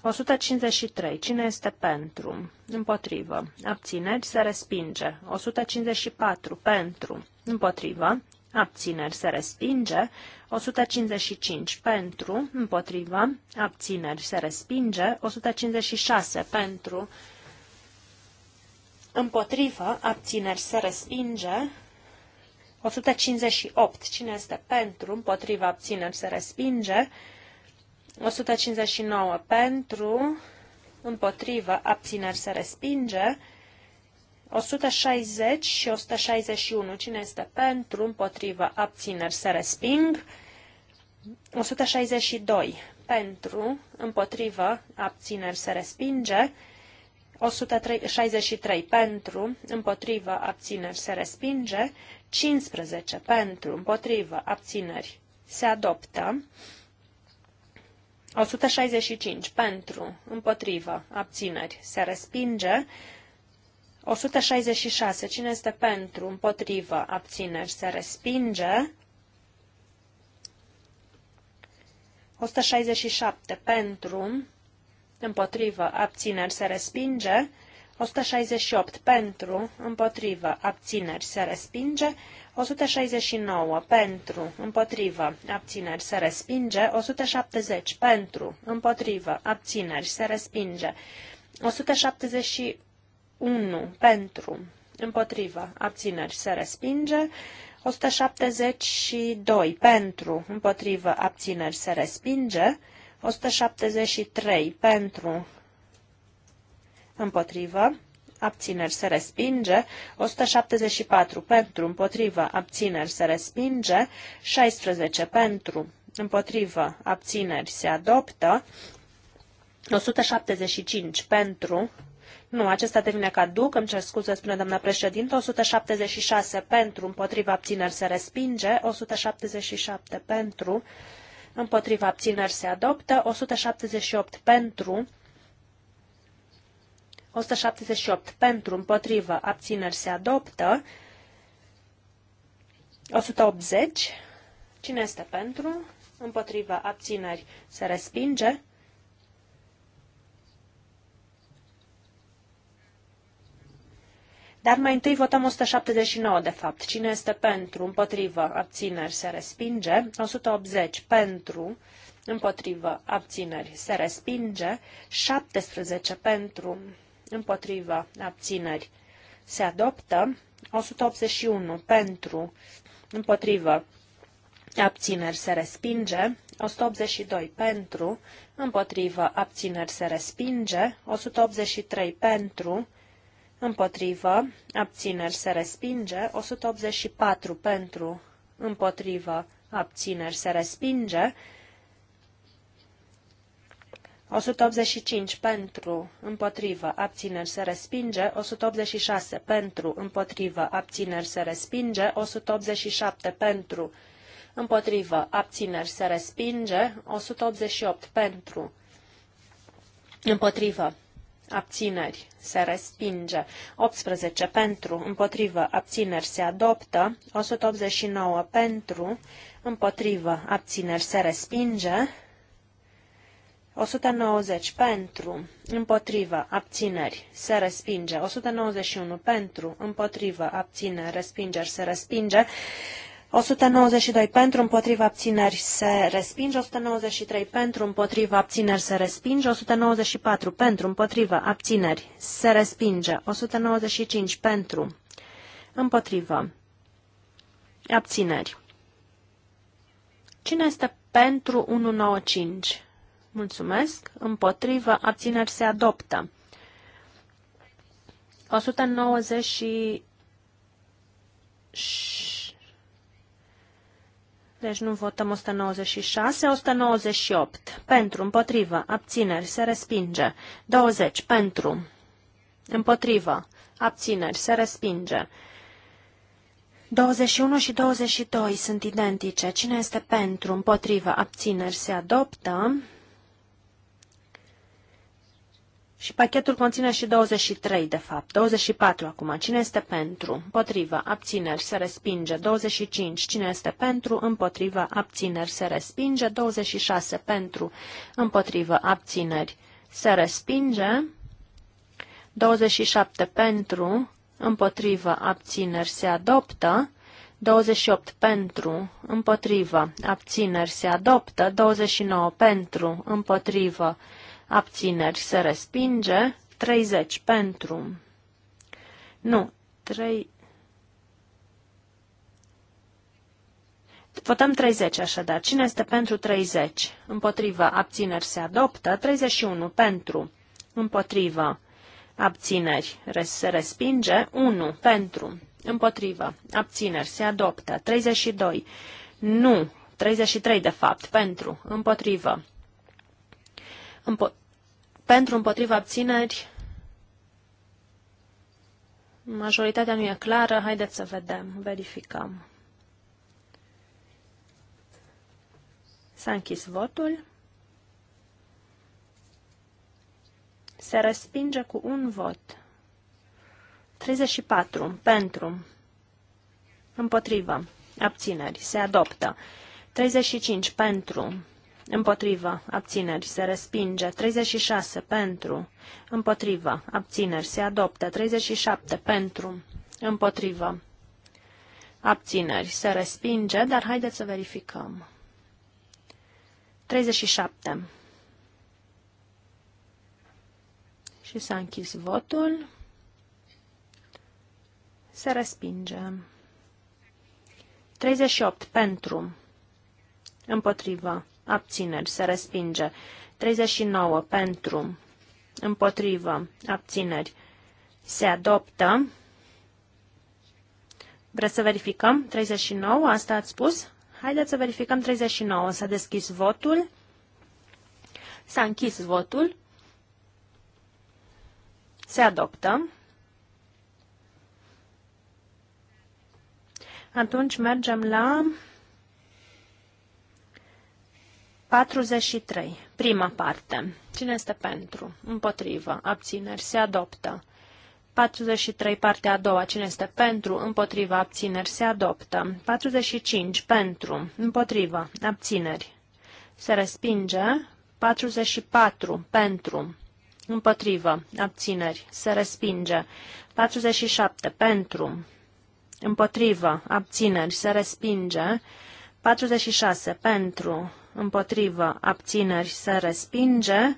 153. Cine este pentru? Împotrivă. Abțineri se respinge. 154. Pentru. Împotrivă abțineri se respinge, 155 pentru, împotriva, abțineri se respinge, 156 pentru, împotriva, abțineri se respinge, 158 cine este pentru, împotriva, abțineri se respinge, 159 pentru, împotriva, abțineri se respinge, 160 și 161. Cine este pentru, împotrivă, abțineri, se resping. 162. Pentru, împotrivă, abțineri, se respinge. 163 pentru, împotrivă, abțineri, se respinge. 15 pentru, împotrivă, abțineri, se adoptă. 165 pentru, împotrivă, abțineri, se respinge. 166. Cine este pentru? Împotrivă. Abțineri. Se respinge. 167. Pentru. Împotrivă. Abțineri. Se respinge. 168. Pentru. Împotrivă. Abțineri. Se respinge. 169. Pentru. Împotrivă. Abțineri. Se respinge. 170. Pentru. Împotrivă. Abțineri. Se respinge. 171. 1 pentru, împotrivă, abțineri se respinge. 172 pentru, împotrivă, abțineri se respinge. 173 pentru, împotrivă, abțineri se respinge, 174 pentru, împotrivă, abțineri se respinge, 16 pentru, împotrivă, abțineri se adoptă, 175 pentru, nu, acesta devine caduc, îmi cer scuze, spune doamna președinte, 176 pentru, împotriva abțineri se respinge, 177 pentru, împotriva abțineri se adoptă, 178 pentru, 178 pentru, împotriva abțineri se adoptă, 180, cine este pentru, împotriva abțineri se respinge, Dar mai întâi votăm 179, de fapt. Cine este pentru, împotrivă, abțineri, se respinge. 180 pentru, împotrivă, abțineri, se respinge. 17 pentru, împotrivă, abțineri, se adoptă. 181 pentru, împotrivă, abțineri, se respinge. 182 pentru, împotrivă, abțineri, se respinge. 183 pentru, împotrivă, abțineri se respinge, 184 pentru, împotrivă, abțineri se respinge, 185 pentru, împotrivă, abțineri se respinge, 186 pentru, împotrivă, abțineri se respinge, 187 pentru, împotrivă, abțineri se respinge, 188 pentru, împotrivă, abțineri, se respinge. 18 pentru, împotrivă, abțineri, se adoptă. 189 pentru, împotrivă, abțineri, se respinge. 190 pentru, împotrivă, abțineri, se respinge. 191 pentru, împotrivă, abțineri, respingeri, se respinge. 192 pentru, împotriva abțineri se respinge, 193 pentru, împotriva abțineri se respinge, 194 pentru, împotriva abțineri se respinge, 195 pentru, împotriva abțineri. Cine este pentru 195? Mulțumesc. Împotriva abțineri se adoptă. 196 deci nu votăm 196, 198. Pentru, împotrivă, abțineri, se respinge. 20, pentru, împotrivă, abțineri, se respinge. 21 și 22 sunt identice. Cine este pentru, împotrivă, abțineri, se adoptă. Și pachetul conține și 23, de fapt. 24 acum. Cine este pentru? Împotrivă. Abțineri. Se respinge. 25. Cine este pentru? Împotrivă. Abțineri. Se respinge. 26. Pentru. Împotrivă. Abțineri. Se respinge. 27. Pentru. Împotrivă. Abțineri. Se adoptă. 28 pentru, împotrivă, abțineri se adoptă, 29 pentru, împotrivă, abțineri se respinge, 30 pentru, nu, 3, Votăm 30 așadar. Cine este pentru 30? Împotrivă. Abțineri se adoptă. 31 pentru. Împotrivă. Abțineri se respinge. 1 pentru. Împotrivă. Abțineri se adoptă. 32. Nu. 33 de fapt. Pentru. Împotrivă. Împotrivă pentru împotriva abțineri. Majoritatea nu e clară. Haideți să vedem. Verificăm. S-a închis votul. Se respinge cu un vot. 34. Pentru. Împotrivă. Abțineri. Se adoptă. 35. Pentru. Împotrivă. Abțineri. Se respinge. 36. Pentru. Împotrivă. Abțineri. Se adoptă. 37. Pentru. Împotrivă. Abțineri. Se respinge, dar haideți să verificăm. 37. Și s-a închis votul. Se respinge. 38. Pentru. Împotrivă abțineri, se respinge. 39 pentru, împotrivă, abțineri, se adoptă. Vreți să verificăm? 39, asta ați spus? Haideți să verificăm 39. S-a deschis votul. S-a închis votul. Se adoptă. Atunci mergem la 43. Prima parte. Cine este pentru? Împotrivă. Abțineri. Se adoptă. 43. Partea a doua. Cine este pentru? Împotrivă. Abțineri. Se adoptă. 45. Pentru. Împotrivă. Abțineri. Se respinge. 44. Pentru. Împotrivă. Abțineri. Se respinge. 47. Pentru. Împotrivă. Abțineri. Se respinge. 46. Pentru împotrivă, abțineri, se respinge.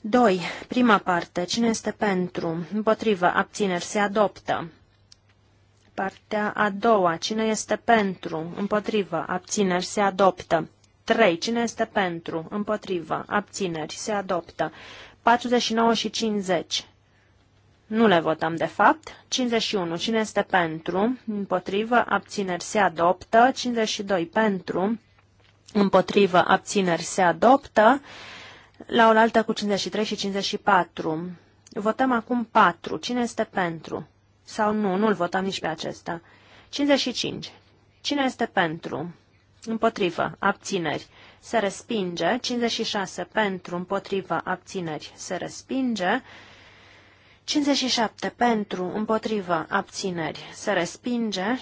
2. Prima parte. Cine este pentru? Împotrivă, abțineri, se adoptă. Partea a doua. Cine este pentru? Împotrivă, abțineri, se adoptă. 3. Cine este pentru? Împotrivă, abțineri, se adoptă. 49 și 50. Nu le votăm, de fapt. 51. Cine este pentru? Împotrivă. Abțineri se adoptă. 52. Pentru împotrivă, abțineri se adoptă, la oaltă cu 53 și 54. Votăm acum 4. Cine este pentru? Sau nu, nu-l votăm nici pe acesta. 55. Cine este pentru? Împotrivă, abțineri. Se respinge. 56 pentru, împotrivă, abțineri. Se respinge. 57 pentru, împotrivă, abțineri. Se respinge.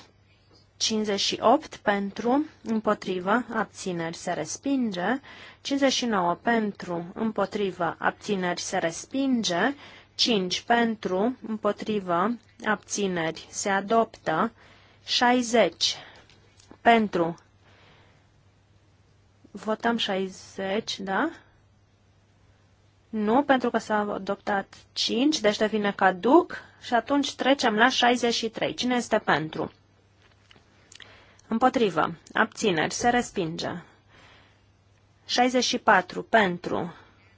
58 pentru, împotrivă, abțineri se respinge, 59 pentru, împotrivă, abțineri se respinge, 5 pentru, împotrivă, abțineri se adoptă, 60 pentru, votăm 60, da? Nu, pentru că s-a adoptat 5, deci devine caduc și atunci trecem la 63. Cine este pentru? Împotrivă. Abțineri. Se respinge. 64. Pentru.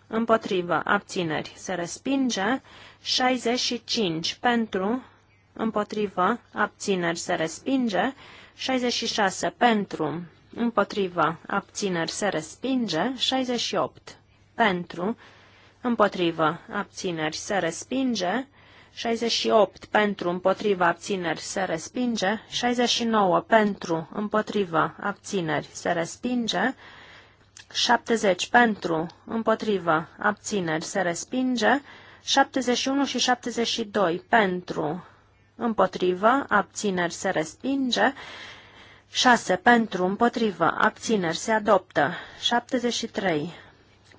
Împotrivă. Abțineri. Se respinge. 65. Pentru. Împotrivă. Abțineri. Se respinge. 66. Pentru. Împotrivă. Abțineri. Se respinge. 68. Pentru. Împotrivă. Abțineri. Se respinge. 68 pentru, împotriva, abțineri, se respinge. 69 pentru, împotriva, abțineri, se respinge. 70 pentru, împotriva, abțineri, se respinge. 71 și 72 pentru, împotriva abțineri se respinge, 6 pentru, împotriva abțineri se adoptă, 73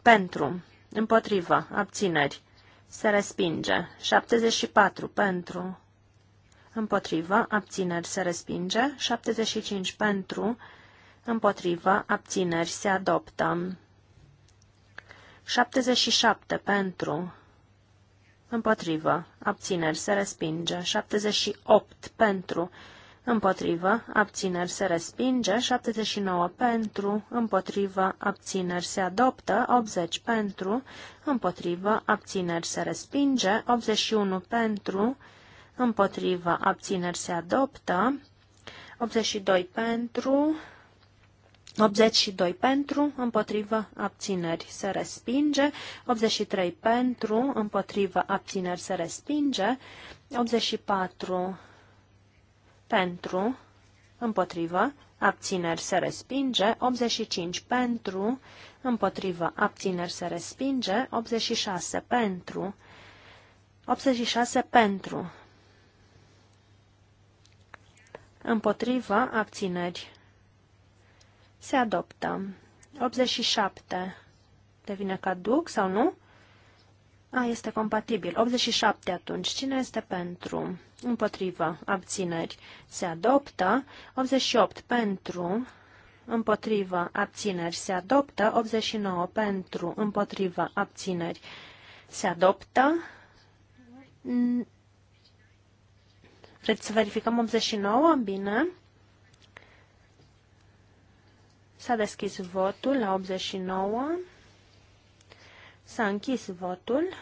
pentru, împotriva abțineri se respinge. 74 pentru. Împotrivă. Abțineri. Se respinge. 75 pentru. Împotrivă. Abțineri. Se adoptă. 77 pentru. Împotrivă. Abțineri. Se respinge. 78 pentru împotrivă, abțineri se respinge, 79 pentru, împotrivă, abțineri se adoptă, 80 pentru, împotrivă, abțineri se respinge, 81 pentru, împotrivă, abțineri se adoptă, 82 pentru, 82 pentru, împotrivă, abțineri se respinge, 83 pentru, împotrivă, abțineri se respinge, 84 pentru, împotrivă, abțineri se respinge, 85 pentru, împotrivă, abțineri se respinge, 86 pentru, 86 pentru, împotrivă, abțineri se adoptă, 87 devine caduc sau nu? A, este compatibil. 87 atunci. Cine este pentru? Împotrivă. Abțineri. Se adoptă. 88 pentru. Împotrivă. Abțineri. Se adoptă. 89 pentru. Împotrivă. Abțineri. Se adoptă. Vreți să verificăm 89? Bine. S-a deschis votul la 89. S-a închis votul.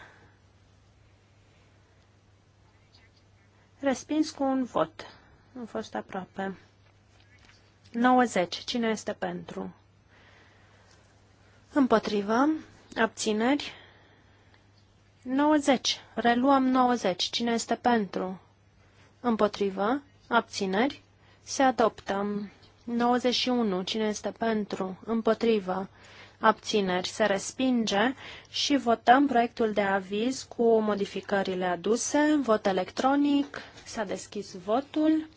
Respins cu un vot. nu fost aproape. 90. Cine este pentru? Împotrivă. Abțineri. 90. Reluăm 90. Cine este pentru? Împotrivă. Abțineri. Se adoptă. 91. Cine este pentru? Împotrivă abțineri, se respinge și votăm proiectul de aviz cu modificările aduse. Vot electronic, s-a deschis votul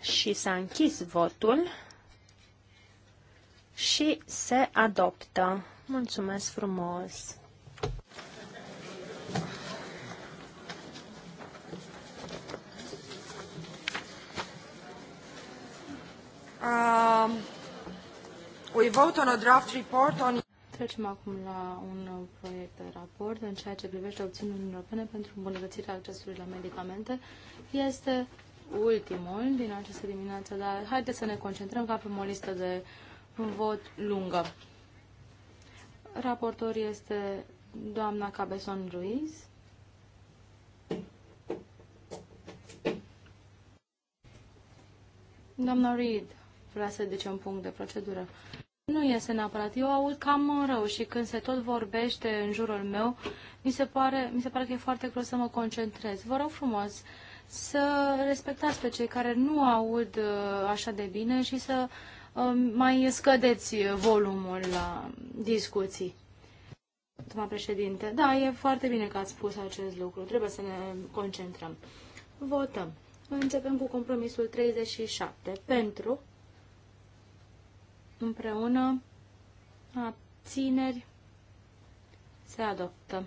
și s-a închis votul și se adoptă. Mulțumesc frumos! Um... We vote on a draft report on... Trecem acum la un proiect de raport în ceea ce privește opțiunile europene pentru îmbunătățirea accesului la medicamente. Este ultimul din această dimineață, dar haideți să ne concentrăm că pe o listă de vot lungă. Raportor este doamna Cabezon Ruiz. Doamna Reid vrea să duce un punct de procedură. Nu este neapărat. Eu aud cam rău și când se tot vorbește în jurul meu, mi se pare, mi se pare că e foarte greu să mă concentrez. Vă rog frumos să respectați pe cei care nu aud uh, așa de bine și să um, mai scădeți volumul la discuții. Domnul președinte, da, e foarte bine că ați spus acest lucru. Trebuie să ne concentrăm. Votăm. Începem cu compromisul 37. Pentru împreună, abțineri, se adoptă.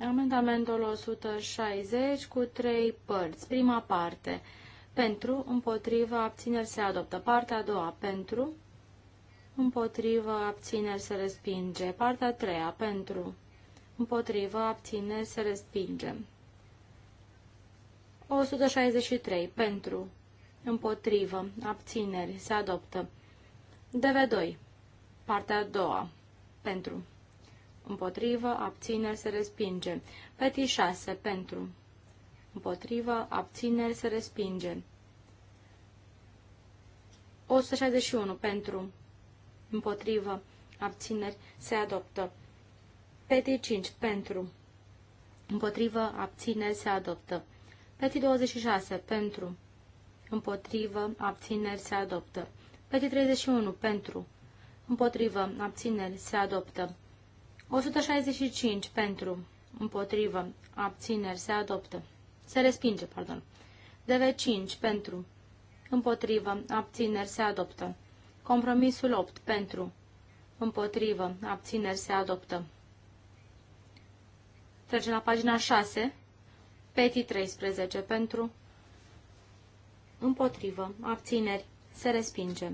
Amendamentul 160 cu trei părți. Prima parte. Pentru, împotriva, abțineri se adoptă. Partea a doua. Pentru, împotriva, abțineri se respinge. Partea a treia. Pentru, împotriva, abțineri se respinge. 163. Pentru. Împotrivă. Abțineri. Se adoptă. DV2. Partea a doua. Pentru. Împotrivă. Abțineri. Se respinge. Peti 6. Pentru. Împotrivă. Abțineri. Se respinge. 161. Pentru. Împotrivă. Abțineri. Se adoptă. Peti 5. Pentru. Împotrivă. Abțineri. Se adoptă. Petit 26 pentru, împotrivă, abțineri se adoptă. Petit 31 pentru, împotrivă, abțineri se adoptă. 165 pentru, împotrivă, abțineri se adoptă. Se respinge, pardon. DV5 pentru, împotrivă, abțineri se adoptă. Compromisul 8 pentru, împotrivă, abțineri se adoptă. Trecem la pagina 6. Peti 13 pentru, împotrivă, abțineri, se respinge.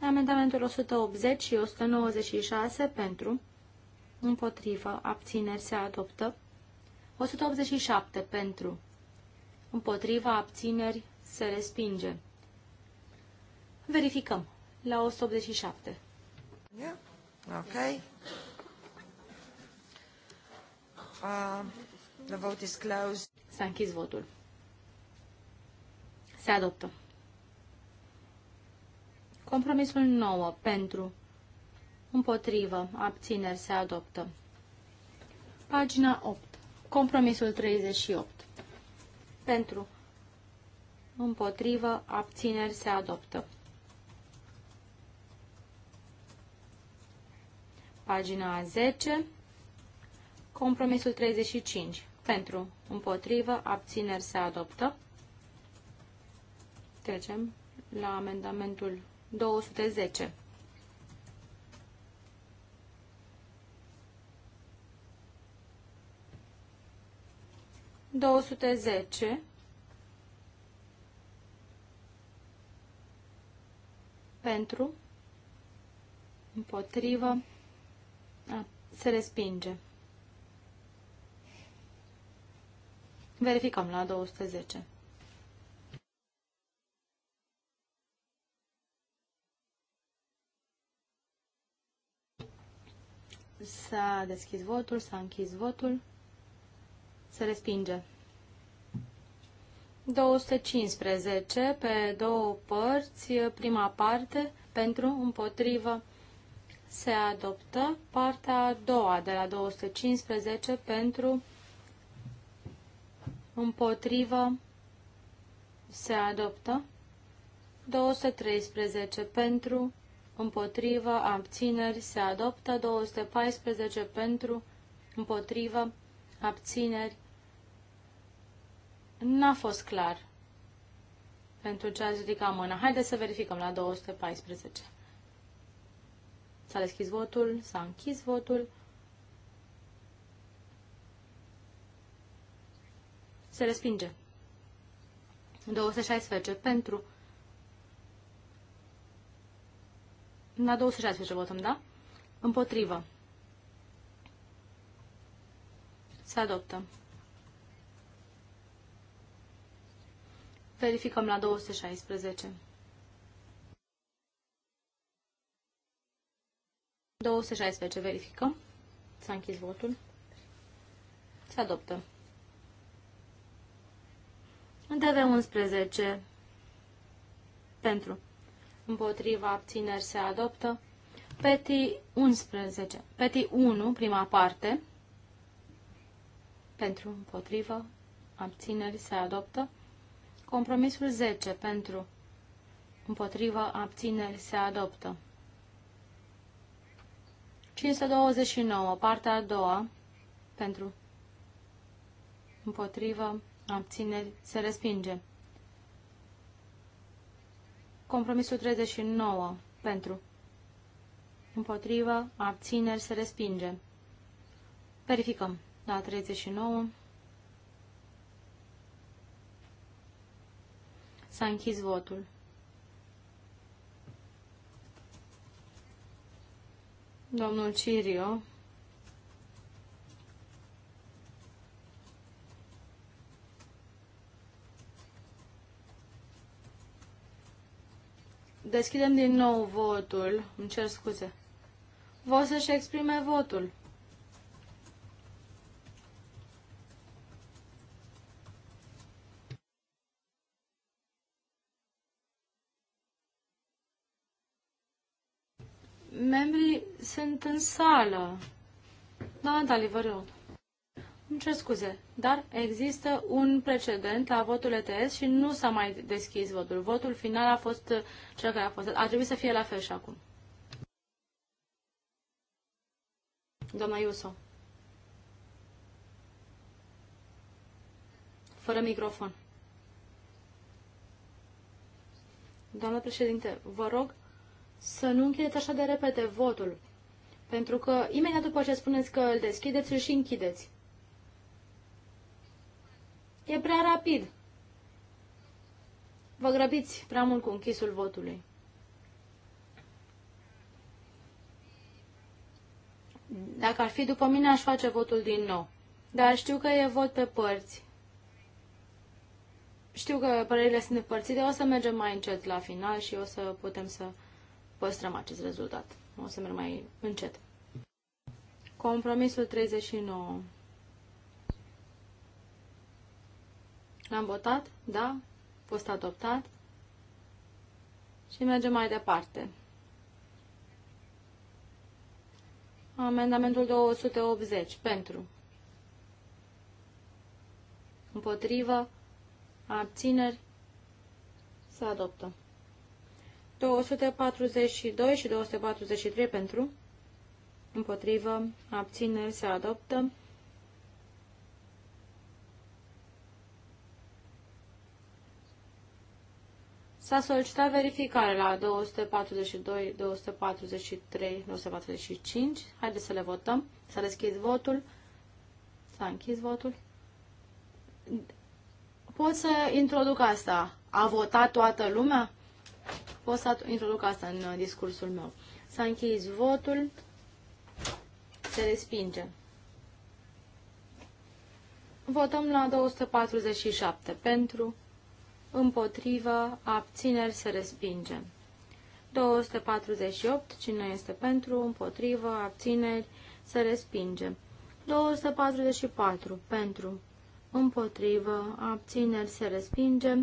Amendamentul 180 și 196 pentru, împotrivă, abțineri, se adoptă. 187 pentru, împotriva, abțineri, se respinge. Verificăm. La 187. Yeah. Ok. Uh, The vote is closed. S-a închis votul. Se adoptă. Compromisul 9. Pentru. Împotrivă. Abțineri. Se adoptă. Pagina 8. Compromisul 38. Pentru. Împotrivă. Abțineri. Se adoptă. Pagina 10. Compromisul 35 pentru, împotrivă, abțineri se adoptă. Trecem la amendamentul 210. Două sute zece pentru, împotrivă, a, se respinge. Verificăm la 210. S-a deschis votul, s-a închis votul, se respinge. 215 pe două părți, prima parte, pentru, împotrivă, se adoptă, partea a doua de la 215 pentru, împotrivă, se adoptă. 213 pentru, împotrivă, abțineri, se adoptă. 214 pentru, împotrivă, abțineri. N-a fost clar pentru ce ați ridicat mâna. Haideți să verificăm la 214. S-a deschis votul, s-a închis votul se respinge. 216 pentru. La 216 votăm, da? Împotrivă. Se adoptă. Verificăm la 216. 216 verificăm. S-a închis votul. Se adoptă. În tv 11 pentru. Împotriva abțineri se adoptă. Peti 11. Peti 1, prima parte. Pentru împotriva abțineri se adoptă. Compromisul 10 pentru împotriva abțineri se adoptă. 529, partea a doua, pentru împotrivă abțineri, se respinge. Compromisul 39, pentru, împotrivă, abțineri, se respinge. Verificăm. Da, 39. S-a închis votul. Domnul Cirio Deschidem din nou votul. Îmi cer scuze. Vă să-și exprime votul. Membrii sunt în sală. Da, da, vă rog. Îmi cer scuze, dar există un precedent la votul ETS și nu s-a mai deschis votul. Votul final a fost cel care a fost. Ar trebui să fie la fel și acum. Doamna Iuso. Fără microfon. Doamna președinte, vă rog să nu închideți așa de repede votul. Pentru că imediat după ce spuneți că îl deschideți, îl și închideți. E prea rapid. Vă grăbiți prea mult cu închisul votului. Dacă ar fi după mine, aș face votul din nou. Dar știu că e vot pe părți. Știu că părerile sunt împărțite, o să mergem mai încet la final și o să putem să păstrăm acest rezultat. O să merg mai încet. Compromisul 39. L-am votat? Da. Fost adoptat. Și mergem mai departe. Amendamentul 280. Pentru. Împotrivă. Abțineri. Se adoptă. 242 și 243 pentru. Împotrivă. Abțineri. Se adoptă. S-a solicitat verificare la 242, 243, 245. Haideți să le votăm. S-a deschis votul. S-a închis votul. Pot să introduc asta. A votat toată lumea? Pot să introduc asta în uh, discursul meu. S-a închis votul. Se respinge. Votăm la 247 pentru împotrivă, abțineri, se respinge. 248, cine este pentru, împotrivă, abțineri, se respinge. 244, pentru, împotrivă, abțineri, se respinge.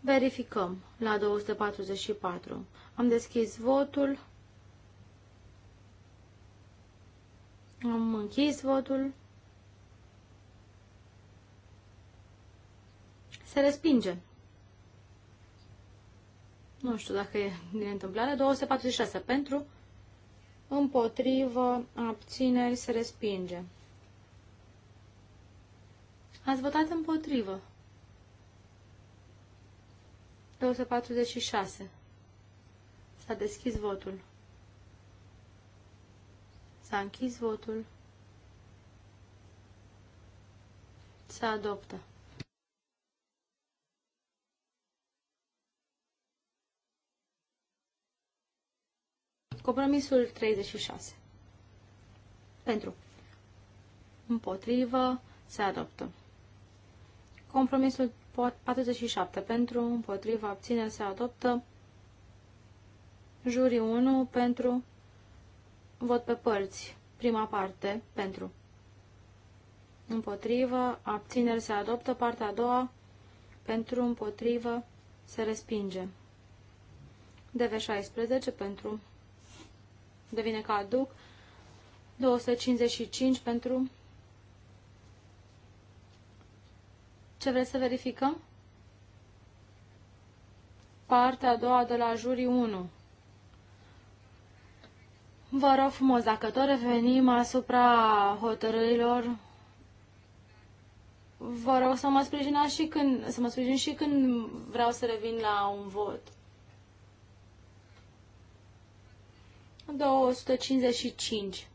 Verificăm la 244. Am deschis votul. Am închis votul. se respinge. Nu știu dacă e din întâmplare. 246 pentru, împotrivă, abțineri, se respinge. Ați votat împotrivă. 246. S-a deschis votul. S-a închis votul. Se adoptă. Compromisul 36. Pentru. Împotrivă. Se adoptă. Compromisul 47. Pentru. Împotrivă. abține Se adoptă. Jurii 1. Pentru. Vot pe părți. Prima parte. Pentru. Împotrivă. Abțineri. Se adoptă. Partea a doua. Pentru. Împotrivă. Se respinge. DV16 pentru devine aduc 255 pentru... Ce vreți să verificăm? Partea a doua de la jurii 1. Vă rog frumos, dacă tot revenim asupra hotărârilor, vă rog să mă sprijinați și când, să mă sprijin și când vreau să revin la un vot. 255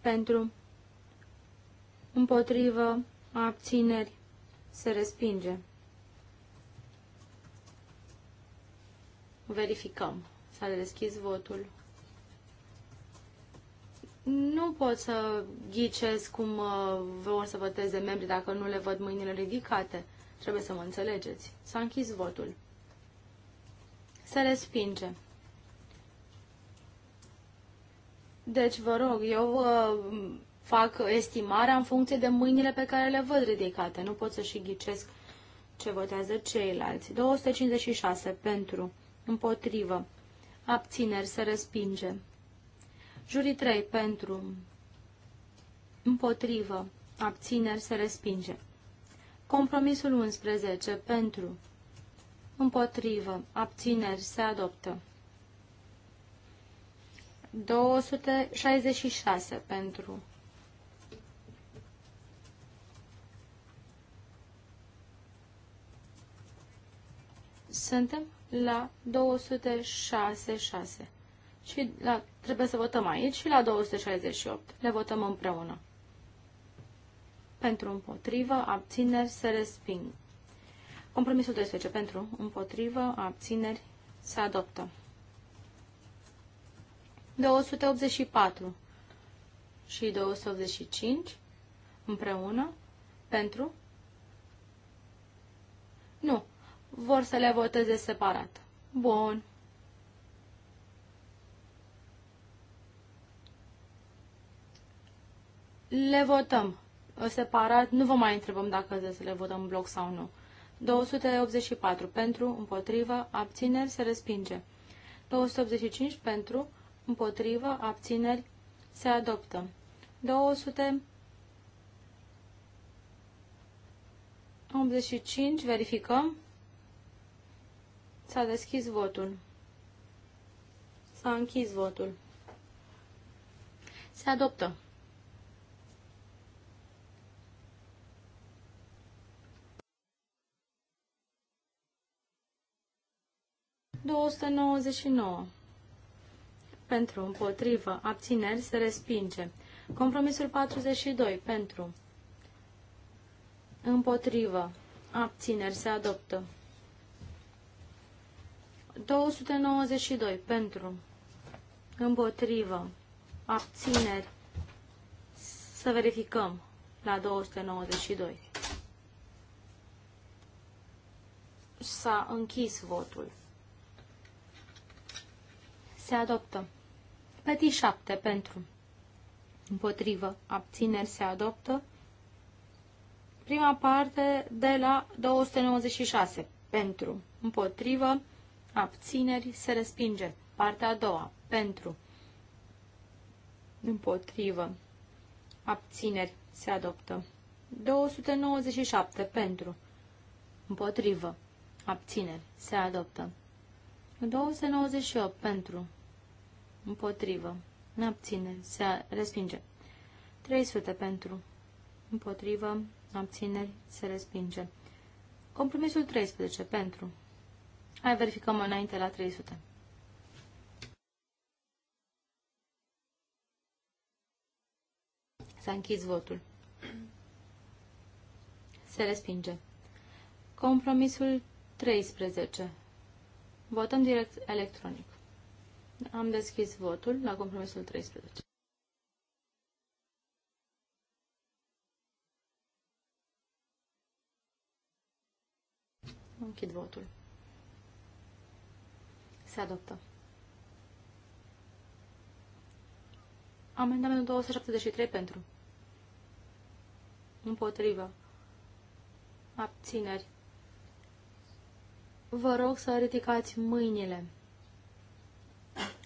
pentru împotrivă abțineri se respinge. Verificăm. S-a deschis votul. Nu pot să ghicesc cum uh, vor să voteze membrii dacă nu le văd mâinile ridicate. Trebuie să mă înțelegeți. S-a închis votul. Se respinge. Deci, vă rog, eu uh, fac estimarea în funcție de mâinile pe care le văd ridicate. Nu pot să și ghicesc ce votează ceilalți. 256 pentru, împotrivă, abțineri, se respinge. Jurii 3 pentru, împotrivă, abțineri, se respinge. Compromisul 11 pentru, împotrivă, abțineri, se adoptă. 266 pentru Suntem la 266 și la, trebuie să votăm aici și la 268. Le votăm împreună. Pentru împotrivă, abțineri, se resping. Compromisul 12. Pentru împotrivă, abțineri, se adoptă. 284 și 285 împreună pentru? Nu. Vor să le voteze separat. Bun. Le votăm separat. Nu vă mai întrebăm dacă să le votăm în bloc sau nu. 284 pentru, împotrivă, abțineri, se respinge. 285 pentru, împotrivă, abțineri, se adoptă. 285, verificăm. S-a deschis votul. S-a închis votul. Se adoptă. Două nouăzeci și nouă pentru, împotrivă, abțineri, se respinge. Compromisul 42, pentru, împotrivă, abțineri, se adoptă. 292, pentru, împotrivă, abțineri, să verificăm la 292. S-a închis votul. Se adoptă. Peti 7 pentru. Împotrivă. Abțineri se adoptă. Prima parte de la 296. Pentru. Împotrivă. Abțineri se respinge. Partea a doua. Pentru. Împotrivă. Abțineri se adoptă. 297. Pentru. Împotrivă. Abțineri se adoptă. 298. Pentru împotrivă, abține, se respinge. 300 pentru, împotrivă, abțineri, se respinge. Compromisul 13 pentru. Hai verificăm înainte la 300. S-a închis votul. Se respinge. Compromisul 13. Votăm direct electronic. Am deschis votul la compromisul 13. Închid votul. Se adoptă. Amendamentul 273 pentru. Împotrivă. Abțineri. Vă rog să ridicați mâinile.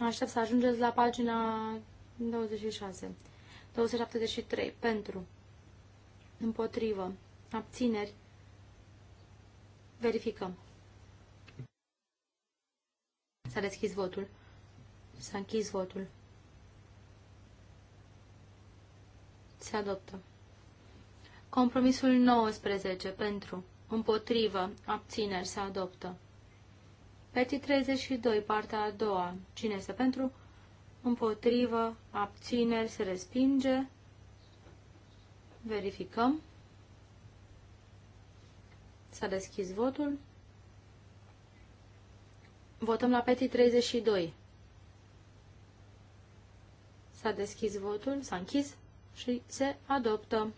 Aștept să ajungeți la pagina 26. 273. Pentru. Împotrivă. Abțineri. Verificăm. S-a deschis votul. S-a închis votul. Se adoptă. Compromisul 19. Pentru. Împotrivă. Abțineri. Se adoptă. Petit 32, partea a doua. Cine este pentru? Împotrivă, abțineri, se respinge. Verificăm. S-a deschis votul. Votăm la petit 32. S-a deschis votul, s-a închis și se adoptă.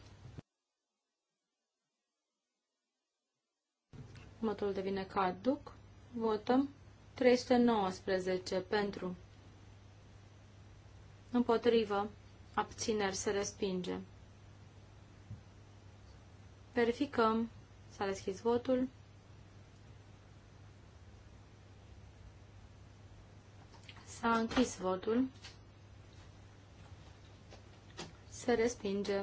Următorul devine caduc. Votăm 319 pentru. Împotrivă. Abțineri se respinge. Verificăm. S-a deschis votul. S-a închis votul. Se respinge.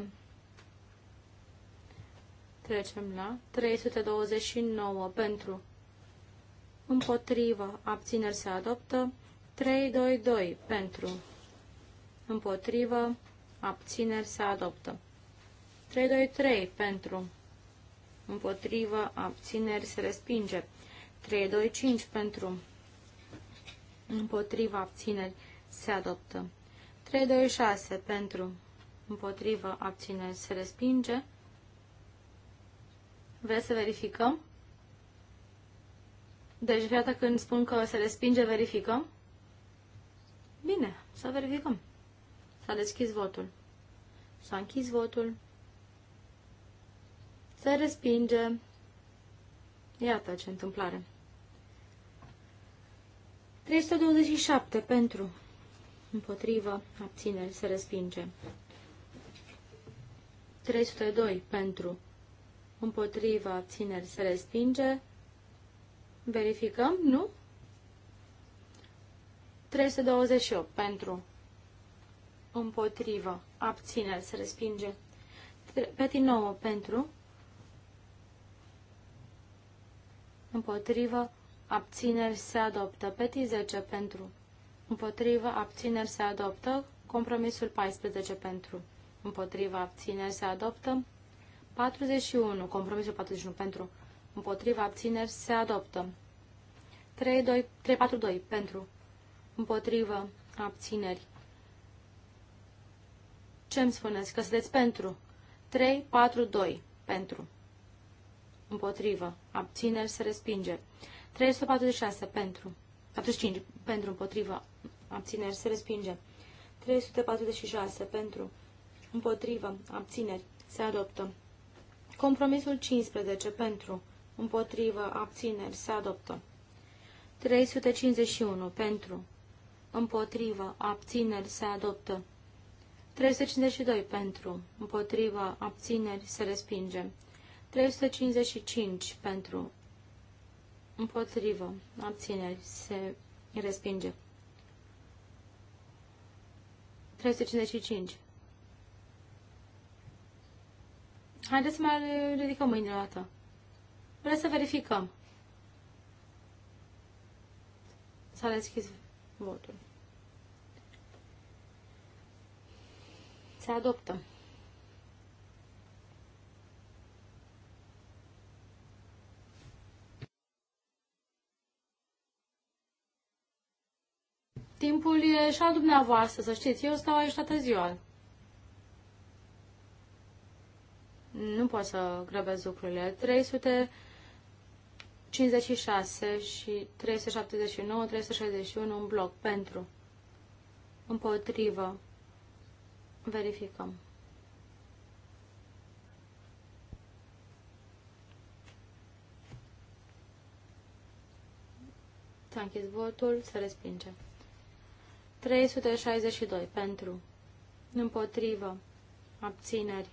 Trecem la 329 pentru împotrivă, abțineri se adoptă, 3-2-2. pentru, împotrivă, abțineri se adoptă, 3-2-3. pentru, împotrivă, abțineri se respinge, 3-2-5. pentru, împotrivă, abțineri se adoptă, 3-2-6. pentru, împotrivă, abțineri se respinge, Vreți să verificăm? Deci, fiată când spun că se respinge, verificăm. Bine, să verificăm. S-a deschis votul. S-a închis votul. Se respinge. Iată ce întâmplare. 327 pentru. Împotrivă. Abțineri. Se respinge. 302 pentru. Împotrivă. Abțineri. Se respinge. Verificăm, nu? 328 pentru, împotrivă, abțineri, se respinge. Peti 9 pentru, împotrivă, abțineri, se adoptă. Peti 10 pentru, împotrivă, abțineri, se adoptă. Compromisul 14 pentru, împotrivă, abțineri, se adoptă. 41, compromisul 41 pentru, împotriva abțineri se adoptă. 342 pentru, împotrivă, abțineri. Ce îmi spuneți? Că sunteți pentru. 342 pentru, împotrivă, abțineri se respinge. 346 pentru, 45 pentru, împotrivă, abțineri se respinge. 346 pentru, împotrivă, abțineri se adoptă. Compromisul 15 pentru, împotrivă, abțineri, se adoptă. 351 pentru, împotrivă, abțineri, se adoptă. 352 pentru, împotrivă, abțineri, se respinge. 355 pentru, împotrivă, abțineri, se respinge. 355. Haideți să mai ridicăm mâinile o dată. Vreau să verificăm? S-a deschis votul. Se adoptă. Timpul e și al dumneavoastră, să știți. Eu stau aici toată ziua. Nu pot să grăbesc lucrurile. 300 56 și 379, 361 în bloc pentru. Împotrivă. Verificăm. S-a închis votul, se respinge. 362 pentru. Împotrivă. Abțineri.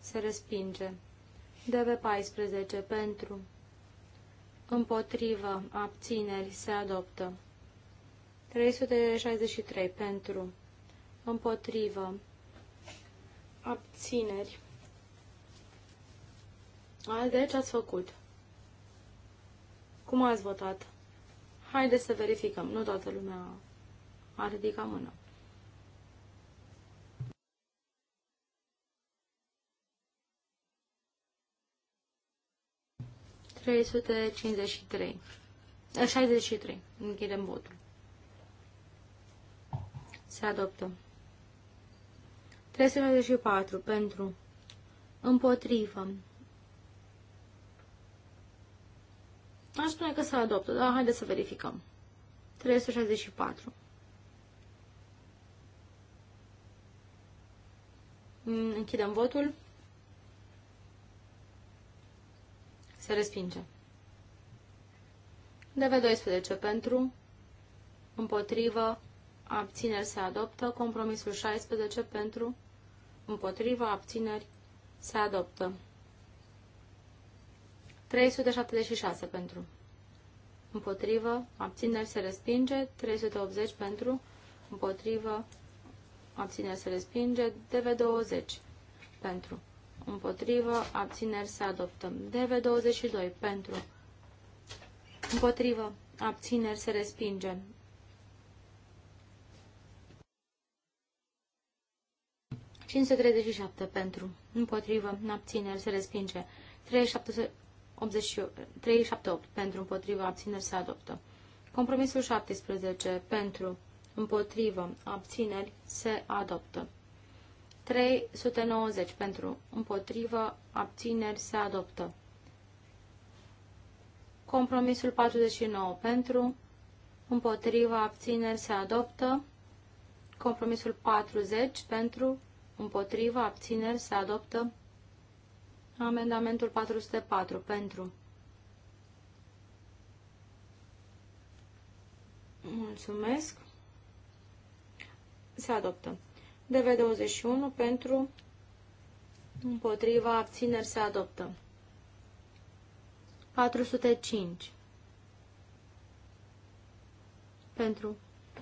Se respinge. DV14 pentru împotrivă, abțineri, se adoptă. 363 pentru, împotrivă, abțineri. Al de ce ați făcut? Cum ați votat? Haideți să verificăm. Nu toată lumea a ridicat mâna. 353. 63. Închidem votul. Se adoptă. 394. Pentru. Împotrivă. Aș spune că se adoptă, dar haideți să verificăm. 364. Închidem votul. Se respinge. DV12 pentru, împotrivă, abțineri se adoptă. Compromisul 16 pentru, împotrivă, abțineri se adoptă. 376 pentru, împotrivă, abțineri se respinge. 380 pentru, împotrivă, abțineri se respinge. DV20 pentru, împotrivă, abțineri se adoptă. DV22 pentru, împotrivă, abțineri se respinge. ...537 pentru, împotrivă, abțineri, se respinge. 378 pentru, împotrivă, abțineri, se adoptă. Compromisul 17 pentru, împotrivă, abțineri, se adoptă. 390 pentru, împotrivă, abțineri se adoptă. Compromisul 49 pentru, împotrivă, abțineri se adoptă. Compromisul 40 pentru, împotrivă, abțineri se adoptă. Amendamentul 404 pentru. Mulțumesc. Se adoptă. DV21 pentru împotriva abțineri se adoptă. 405 pentru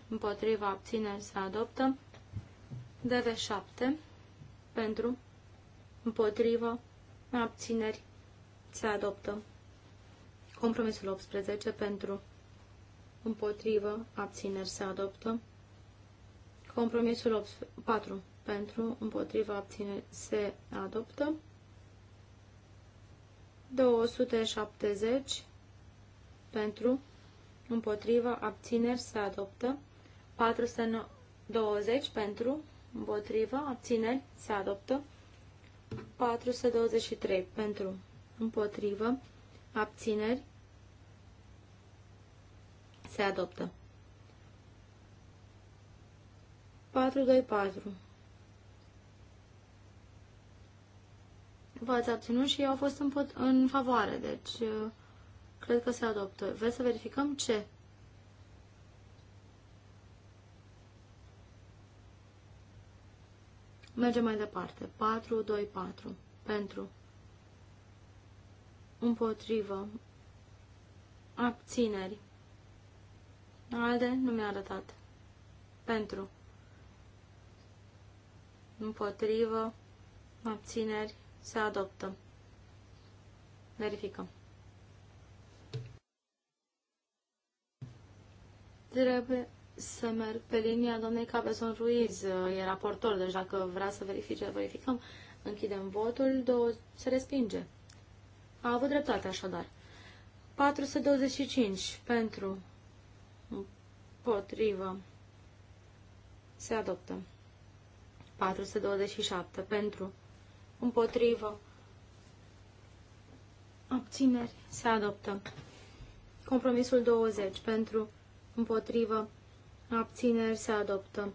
împotriva abțineri se adoptă. DV7 pentru împotriva abțineri se adoptă. Compromisul 18 pentru împotrivă abțineri se adoptă. Compromisul 4 pentru, împotriva, abțineri se adoptă. 270 pentru, împotriva, abțineri se adoptă. 420 pentru, împotriva, abțineri se adoptă. 423 pentru, împotriva abțineri se adoptă. 424. V-ați abținut și ei au fost în, în favoare, deci uh, cred că se adoptă. Vreți să verificăm ce? Mergem mai departe. 4, 2, 4. Pentru. Împotrivă. Abțineri. Alde nu mi-a arătat. Pentru împotrivă, abțineri, se adoptă. Verificăm. Trebuie să merg pe linia doamnei Cabezon Ruiz, e raportor, deci dacă vrea să verifice, verificăm. Închidem votul, două, se respinge. A avut dreptate așadar. 425 pentru, potrivă, se adoptă. 427 pentru, împotrivă, abțineri, se adoptă. Compromisul 20 pentru, împotrivă, abțineri, se adoptă.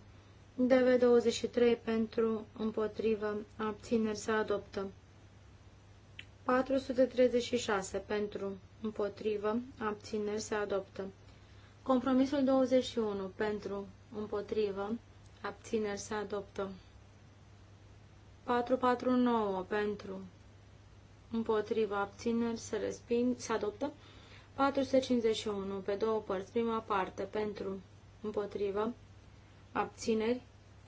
DV23 pentru, împotrivă, abțineri, se adoptă. 436 pentru, împotrivă, abțineri, se adoptă. Compromisul 21 pentru, împotrivă, abțineri, se adoptă. 449 pentru împotriva abțineri se resping, se adoptă 451 pe două părți, prima parte pentru împotriva abțineri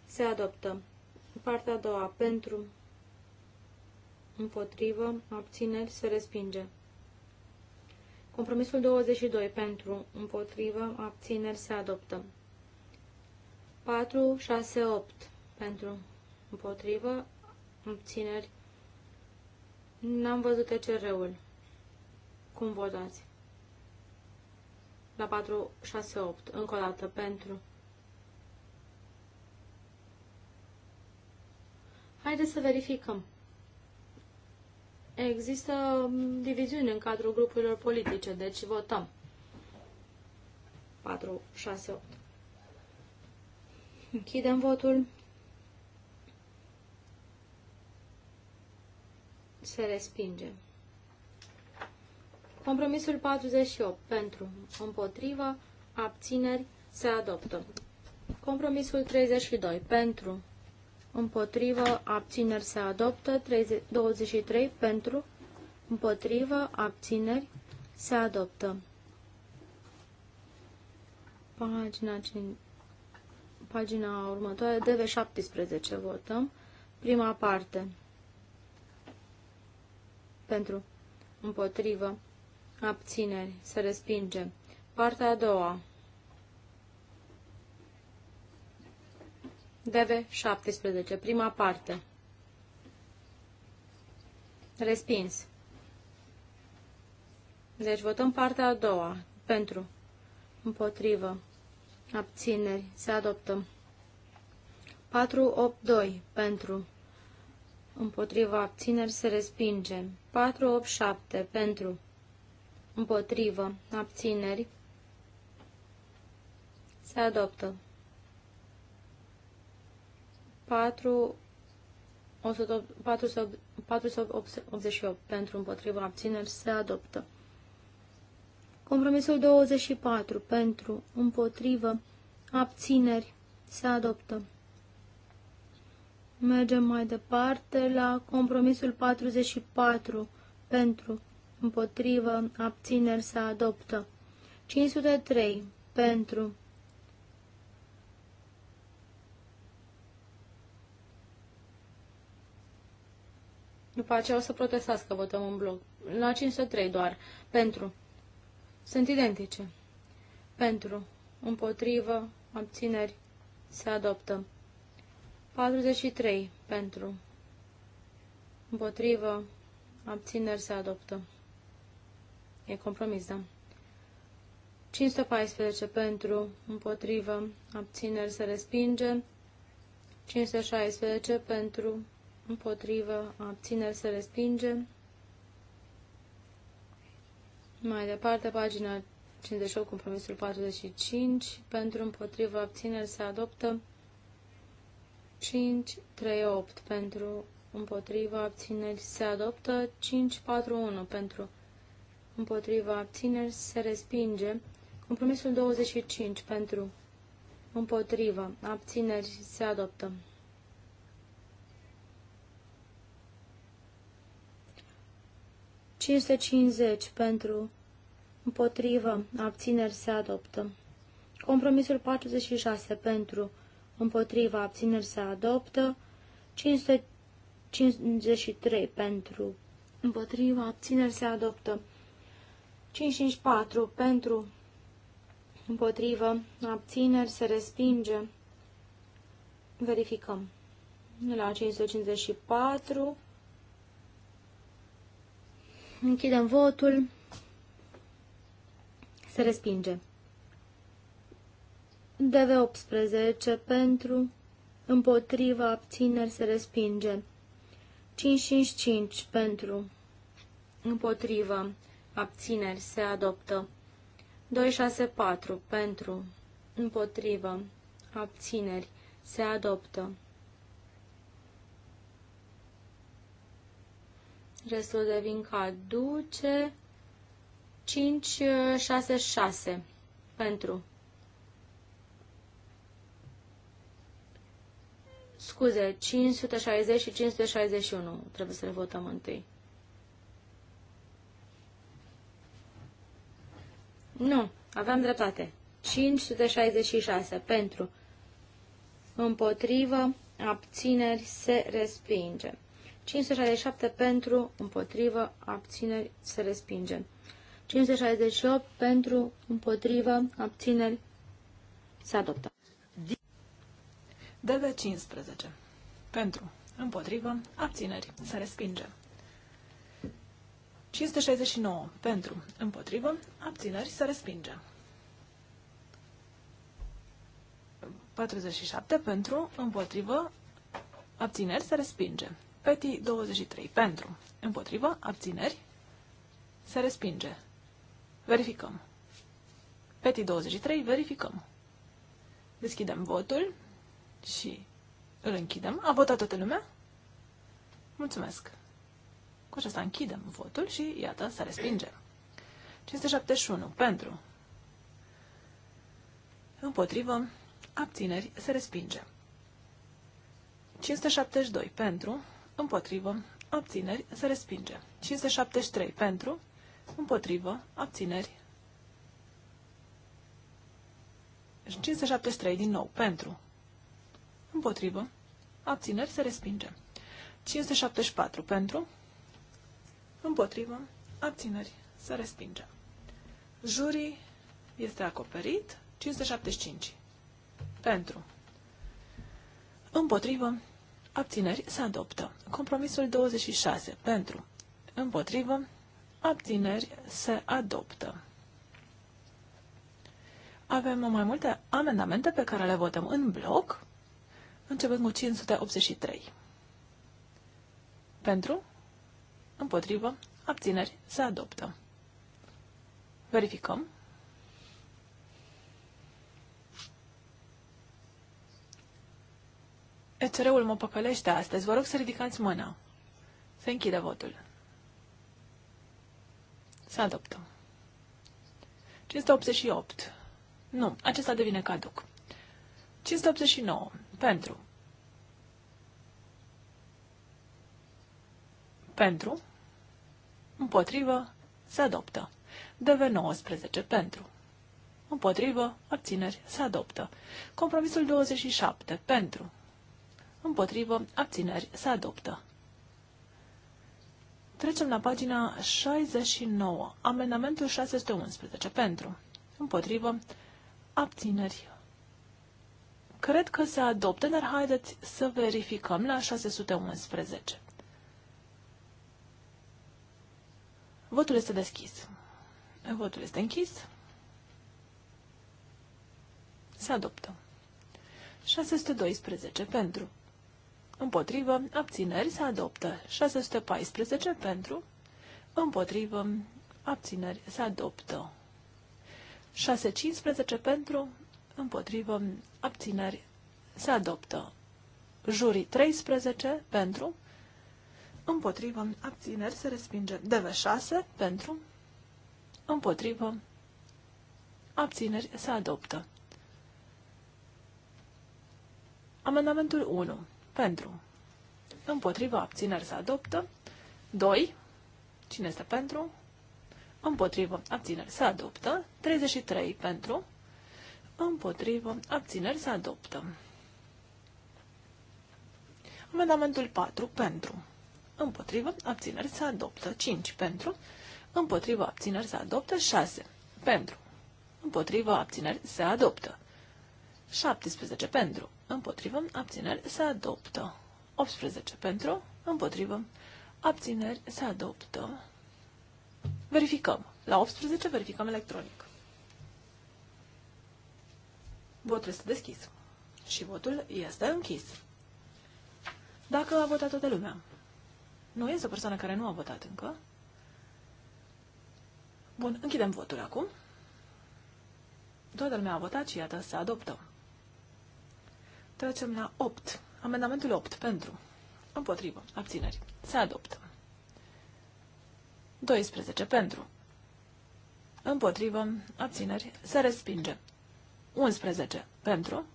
se adoptă. Partea a doua pentru împotrivă abțineri se respinge. Compromisul 22 pentru împotrivă abțineri se adoptă. 468 pentru împotrivă obțineri. N-am văzut ECR-ul. Cum votați? La 4, 6, 8. Încă o dată. Pentru. Haideți să verificăm. Există mm, diviziune în cadrul grupurilor politice, deci votăm. 4, 6, 8. Închidem votul. se respinge. Compromisul 48 pentru, împotrivă, abțineri, se adoptă. Compromisul 32 pentru, împotrivă, abțineri, se adoptă. 30, 23 pentru, împotrivă, abțineri, se adoptă. Pagina, pagina următoare, DV17 votăm. Prima parte pentru, împotrivă, abțineri, se respinge. Partea a doua. Deve 17 prima parte. Respins. Deci votăm partea a doua. Pentru. Împotrivă. Abțineri. Se adoptă. 482. Pentru. Împotriva abțineri se respinge. 487 pentru împotrivă abțineri se adoptă 4 488 pentru împotriva abțineri se adoptă. Compromisul 24 pentru împotrivă abțineri se adoptă. Mergem mai departe la compromisul 44 pentru, împotrivă, abțineri să adoptă. 503 pentru, După aceea o să protestați că votăm în bloc. La 503 doar. Pentru. Sunt identice. Pentru. Împotrivă. Abțineri. Se adoptă. 43 pentru. Împotrivă. Abțineri se adoptă. E compromis, da? 514 pentru. Împotrivă. Abțineri se respinge. 516 pentru. Împotrivă. Abțineri se respinge. Mai departe, pagina 58, compromisul 45, pentru împotrivă abțineri se adoptă 5, 3, 8 pentru împotriva abțineri se adoptă, 5, 4, 1 pentru împotriva abțineri se respinge, compromisul 25 pentru împotriva abțineri se adoptă. Cinste pentru împotriva abțineri se adoptă. Compromisul 46 pentru împotriva abțineri se adoptă, 553 pentru împotriva abțineri se adoptă, 554 pentru împotriva abțineri se respinge. Verificăm. La 554 închidem votul, se respinge. DV18 pentru, împotriva, abțineri se respinge. 555 pentru, împotriva, abțineri se adoptă. 264 pentru, împotriva, abțineri se adoptă. Restul devin caduce. 566 pentru Scuze, 560 și 561. Trebuie să le votăm întâi. Nu, aveam dreptate. 566 pentru împotrivă, abțineri, se respinge. 567 pentru împotrivă, abțineri, se respinge. 568 pentru împotrivă, abțineri, se adoptă. DV15. Pentru. Împotrivă. Abțineri. Se respinge. 569. Pentru. Împotrivă. Abțineri. Se respinge. 47. Pentru. Împotrivă. Abțineri. Se respinge. Peti 23. Pentru. Împotrivă. Abțineri. Se respinge. Verificăm. Peti 23. Verificăm. Deschidem votul. Și îl închidem. A votat toată lumea? Mulțumesc. Cu aceasta închidem votul și iată, să respingem. 571 pentru. Împotrivă. Abțineri. Se respinge. 572 pentru. Împotrivă. Abțineri. Se respinge. 573 pentru. Împotrivă. Abțineri. 573 din nou pentru. Împotrivă. Abțineri se respinge. 574 pentru. Împotrivă. Abțineri se respinge. Jurii este acoperit. 575 pentru. Împotrivă. Abțineri se adoptă. Compromisul 26 pentru. Împotrivă. Abțineri se adoptă. Avem mai multe amendamente pe care le votăm în bloc începând cu 583. Pentru, împotrivă, abțineri, se adoptă. Verificăm. ECR-ul mă păcălește astăzi. Vă rog să ridicați mâna. Se închide votul. Se adoptă. 588. Nu, acesta devine caduc. 589. Pentru. Pentru. Împotrivă. Se adoptă. DV19 pentru. Împotrivă. Abțineri. Se adoptă. Compromisul 27 pentru. Împotrivă. Abțineri. Se adoptă. Trecem la pagina 69. Amendamentul 611 pentru. Împotrivă. Abțineri. Cred că se adopte, dar haideți să verificăm la 611. Votul este deschis. Votul este închis. Se adoptă. 612 pentru. Împotrivă, abțineri se adoptă. 614 pentru. Împotrivă, abțineri se adoptă. 615 pentru împotrivă, abțineri, se adoptă. Jurii 13 pentru, împotrivă, abțineri, se respinge. DV6 pentru, împotrivă, abțineri, se adoptă. Amendamentul 1 pentru, împotrivă, abțineri, se adoptă. 2. Cine este pentru? Împotrivă. Abțineri. Se adoptă. 33 pentru împotrivă, abțineri se adoptă. Amendamentul 4 pentru, împotrivă, abțineri se adoptă. 5 pentru, împotrivă, abțineri se adoptă. 6 pentru, împotrivă, abțineri se adoptă. 17 pentru, împotrivă, abțineri se adoptă. 18 pentru, împotrivă, abțineri se adoptă. Verificăm. La 18 verificăm electronic. Votul este deschis. Și votul este închis. Dacă a votat toată lumea. Nu este o persoană care nu a votat încă. Bun, închidem votul acum. Toată lumea a votat și iată, se adoptă. Trecem la 8. Amendamentul 8 pentru. Împotrivă. Abțineri. Se adoptă. 12 pentru. Împotrivă. Abțineri. Se respinge. 11. Pentru.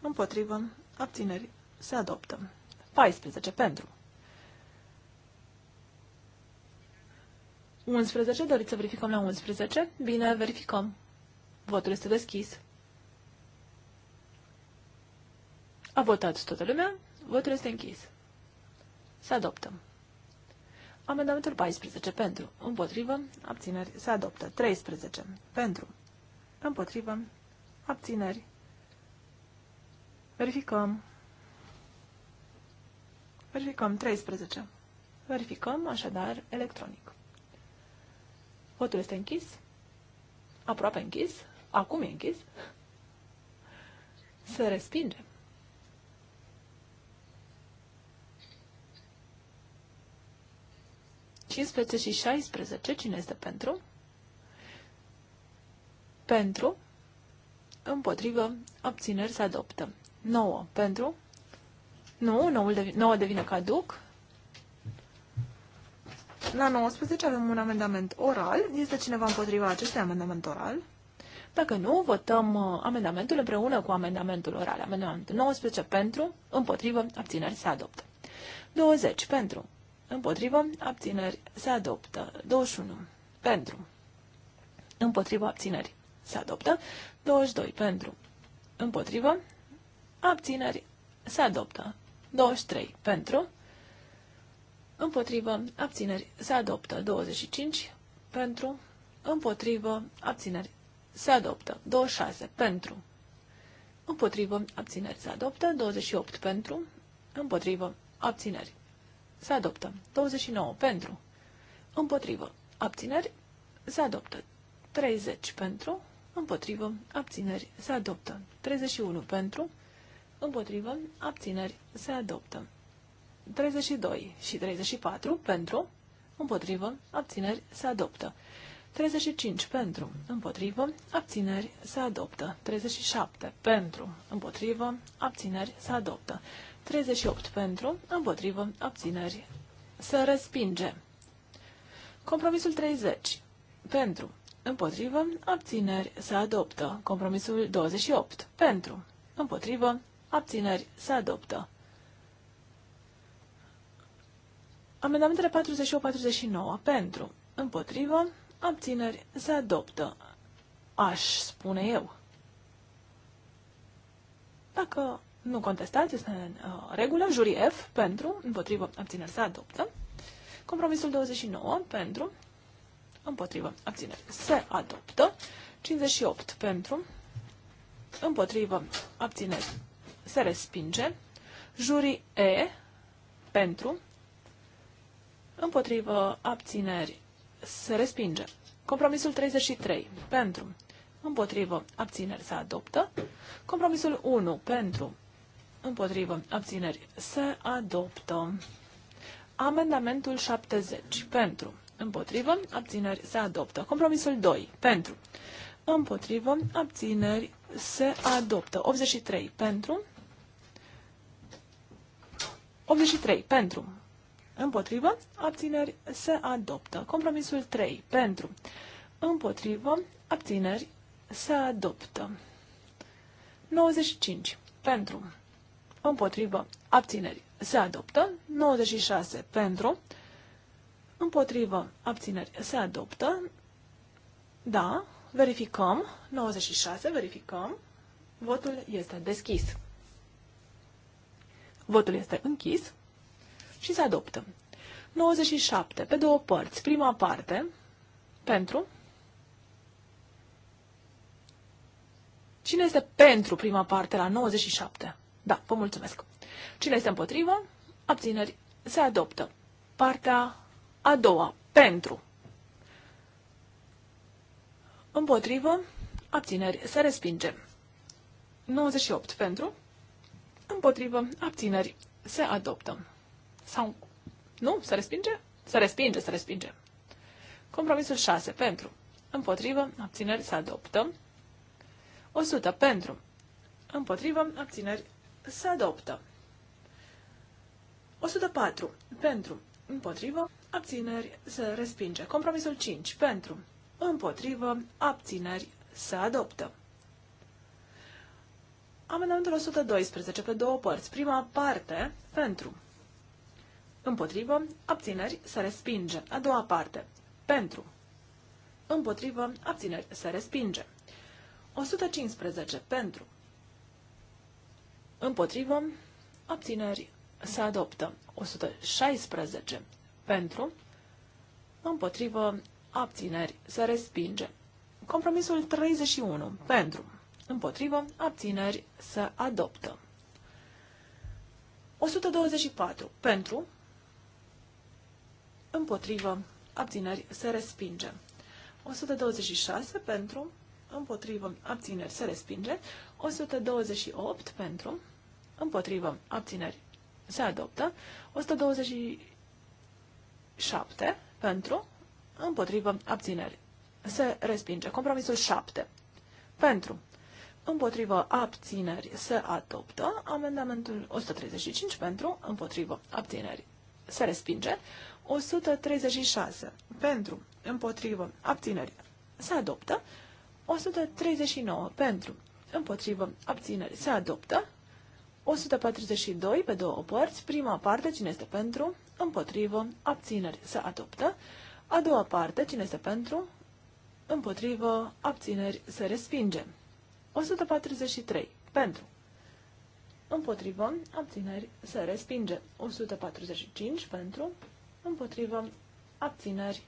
Împotrivă. Abțineri. Se adoptă. 14. Pentru. 11. Doriți să verificăm la 11? Bine, verificăm. Votul este deschis. A votat toată lumea. Votul este închis. Se adoptă. Amendamentul 14. Pentru. Împotrivă. Abțineri. Se adoptă. 13. Pentru. Împotrivă. Abțineri. Verificăm. Verificăm 13. Verificăm, așadar, electronic. Votul este închis. Aproape închis. Acum e închis. Se respinge. Cincisprezece și 16. Cine este pentru? Pentru împotrivă, abțineri se adoptă. 9 pentru, nu, 9, devine, 9 devine caduc. La 19 avem un amendament oral. Este cineva împotriva acestui amendament oral? Dacă nu, votăm uh, amendamentul împreună cu amendamentul oral. Amendamentul 19 pentru, împotrivă, abțineri se adoptă. 20 pentru, împotrivă, abțineri se adoptă. 21 pentru, împotrivă, abțineri se adoptă. 22 pentru, împotrivă, abțineri, se adoptă. 23 pentru, împotrivă, abțineri, se adoptă. 25 pentru, împotrivă, abțineri, se adoptă. 26 pentru, împotrivă, abțineri, se adoptă. 28 pentru, împotrivă, abțineri, se adoptă. 29 pentru, împotrivă, abțineri, se adoptă. 30 pentru, împotrivă, abțineri, se adoptă. 31 pentru, împotrivă, abțineri, se adoptă. 32 și 34 pentru, împotrivă, abțineri, se adoptă. 35 pentru, împotrivă, abțineri, se adoptă. 37 pentru, împotrivă, abțineri, se adoptă. 38 pentru, împotrivă, abțineri, se respinge. Compromisul 30 pentru, Împotrivă, abțineri, se adoptă. Compromisul 28. Pentru. Împotrivă, abțineri, se adoptă. Amendamentele 48-49. Pentru. Împotrivă, abțineri, se adoptă. Aș spune eu. Dacă nu contestați, este în uh, regulă. Jurii F pentru, împotrivă, abțineri, se adoptă. Compromisul 29 pentru, împotrivă, abțineri, se adoptă. 58 pentru, împotrivă, abțineri, se respinge. Jurii E pentru, împotrivă, abțineri, se respinge. Compromisul 33 pentru, împotrivă, abțineri, se adoptă. Compromisul 1 pentru, împotrivă, abțineri, se adoptă. Amendamentul 70 pentru, Împotrivă, abțineri, se adoptă. Compromisul 2. Pentru. Împotrivă, abțineri, se adoptă. 83. Pentru. 83. Pentru. Împotrivă, abțineri, se adoptă. Compromisul 3. Pentru. Împotrivă, abțineri, se adoptă. 95. Pentru. Împotrivă, abțineri, se adoptă. 96. Pentru. Împotrivă. Abțineri. Se adoptă. Da. Verificăm. 96. Verificăm. Votul este deschis. Votul este închis și se adoptă. 97. Pe două părți. Prima parte. Pentru. Cine este pentru prima parte la 97? Da, vă mulțumesc. Cine este împotrivă? Abțineri. Se adoptă. Partea a doua, pentru. Împotrivă, abțineri, se respinge. 98 pentru. Împotrivă, abțineri, se adoptă. Sau, nu, se respinge? Se respinge, se respinge. Compromisul 6 pentru. Împotrivă, abțineri, se adoptă. 100 pentru. Împotrivă, abțineri, se adoptă. 104 pentru. Împotrivă, abțineri, se respinge. Compromisul 5 pentru, împotrivă, abțineri, să adoptă. Amendamentul 112 pe două părți. Prima parte, pentru, împotrivă, abțineri, se respinge. A doua parte, pentru, împotrivă, abțineri, se respinge. 115 pentru, împotrivă, abțineri, să adoptă. 116 pentru, împotrivă, abțineri, se respinge. Compromisul 31, pentru, împotrivă, abțineri, se adoptă. 124, pentru, împotrivă, abțineri, se respinge. 126, pentru, împotrivă, abțineri, se respinge. 128, pentru, împotrivă, abțineri, se adoptă. 120 7 pentru, împotrivă, abțineri. Se respinge. Compromisul 7 pentru, împotrivă, abțineri. Se adoptă. Amendamentul 135 pentru, împotrivă, abțineri. Se respinge. 136 pentru, împotrivă, abțineri. Se adoptă. 139 pentru, împotrivă, abțineri. Se adoptă. 142 pe două părți. Prima parte, cine este pentru? împotrivă, abțineri, se adoptă. A doua parte, cine este pentru, împotrivă, abțineri, se respinge. 143, pentru, împotrivă, abțineri, se respinge. 145, pentru, împotrivă, abțineri,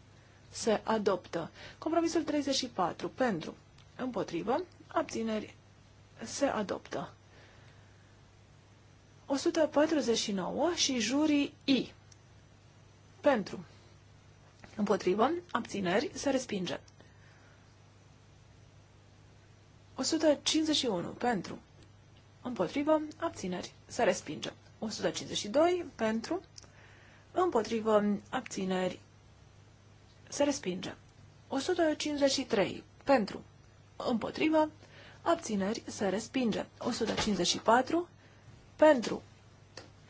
se adoptă. Compromisul 34, pentru, împotrivă, abțineri, se adoptă. 149 și jurii I pentru. Împotrivă, abțineri, se respinge. 151 pentru. Împotrivă, abțineri, se respinge. 152 pentru. Împotrivă, abțineri, se respinge. 153 pentru. Împotrivă, abțineri, se respinge. 154 pentru.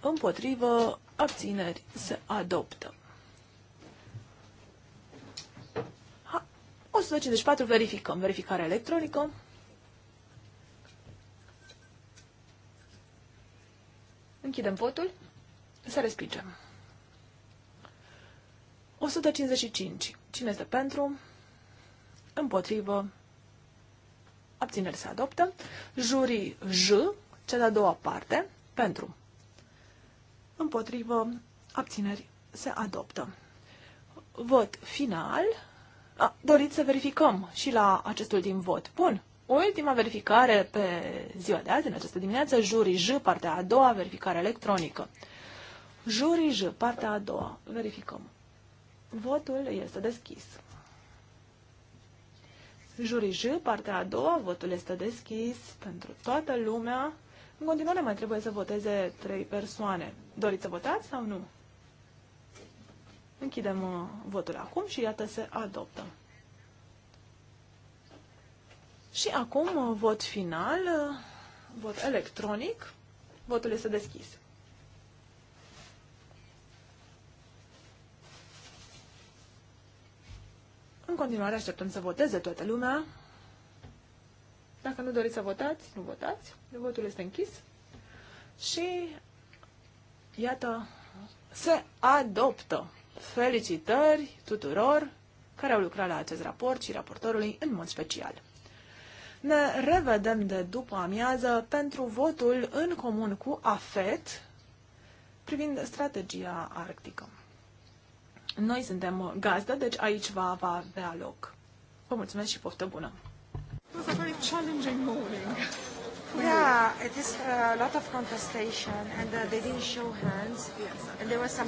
Împotrivă, abțineri, se adoptă. 154 deci verificăm. Verificare electronică. Închidem votul. Să respingem. 155. Cine este pentru? Împotrivă. Abțineri se adoptă. Jurii J, cea de-a doua parte, pentru. Împotrivă. Abțineri se adoptă. Vot final. A, doriți să verificăm și la acest ultim vot. Bun. Ultima verificare pe ziua de azi, în această dimineață, juri J, partea a doua, verificare electronică. Juri J, partea a doua, verificăm. Votul este deschis. Juri J, partea a doua, votul este deschis pentru toată lumea. În continuare mai trebuie să voteze trei persoane. Doriți să votați sau nu? Închidem uh, votul acum și iată se adoptă. Și acum uh, vot final, uh, vot electronic. Votul este deschis. În continuare așteptăm să voteze toată lumea. Dacă nu doriți să votați, nu votați. Votul este închis. Și iată, se adoptă. Felicitări tuturor care au lucrat la acest raport și raportorului în mod special. Ne revedem de după amiază pentru votul în comun cu AFET privind strategia arctică. Noi suntem gazdă, deci aici va, va avea loc. Vă mulțumesc și poftă bună! Yeah, it is a lot of contestation, and uh, they didn't show hands. Yes. And there was some.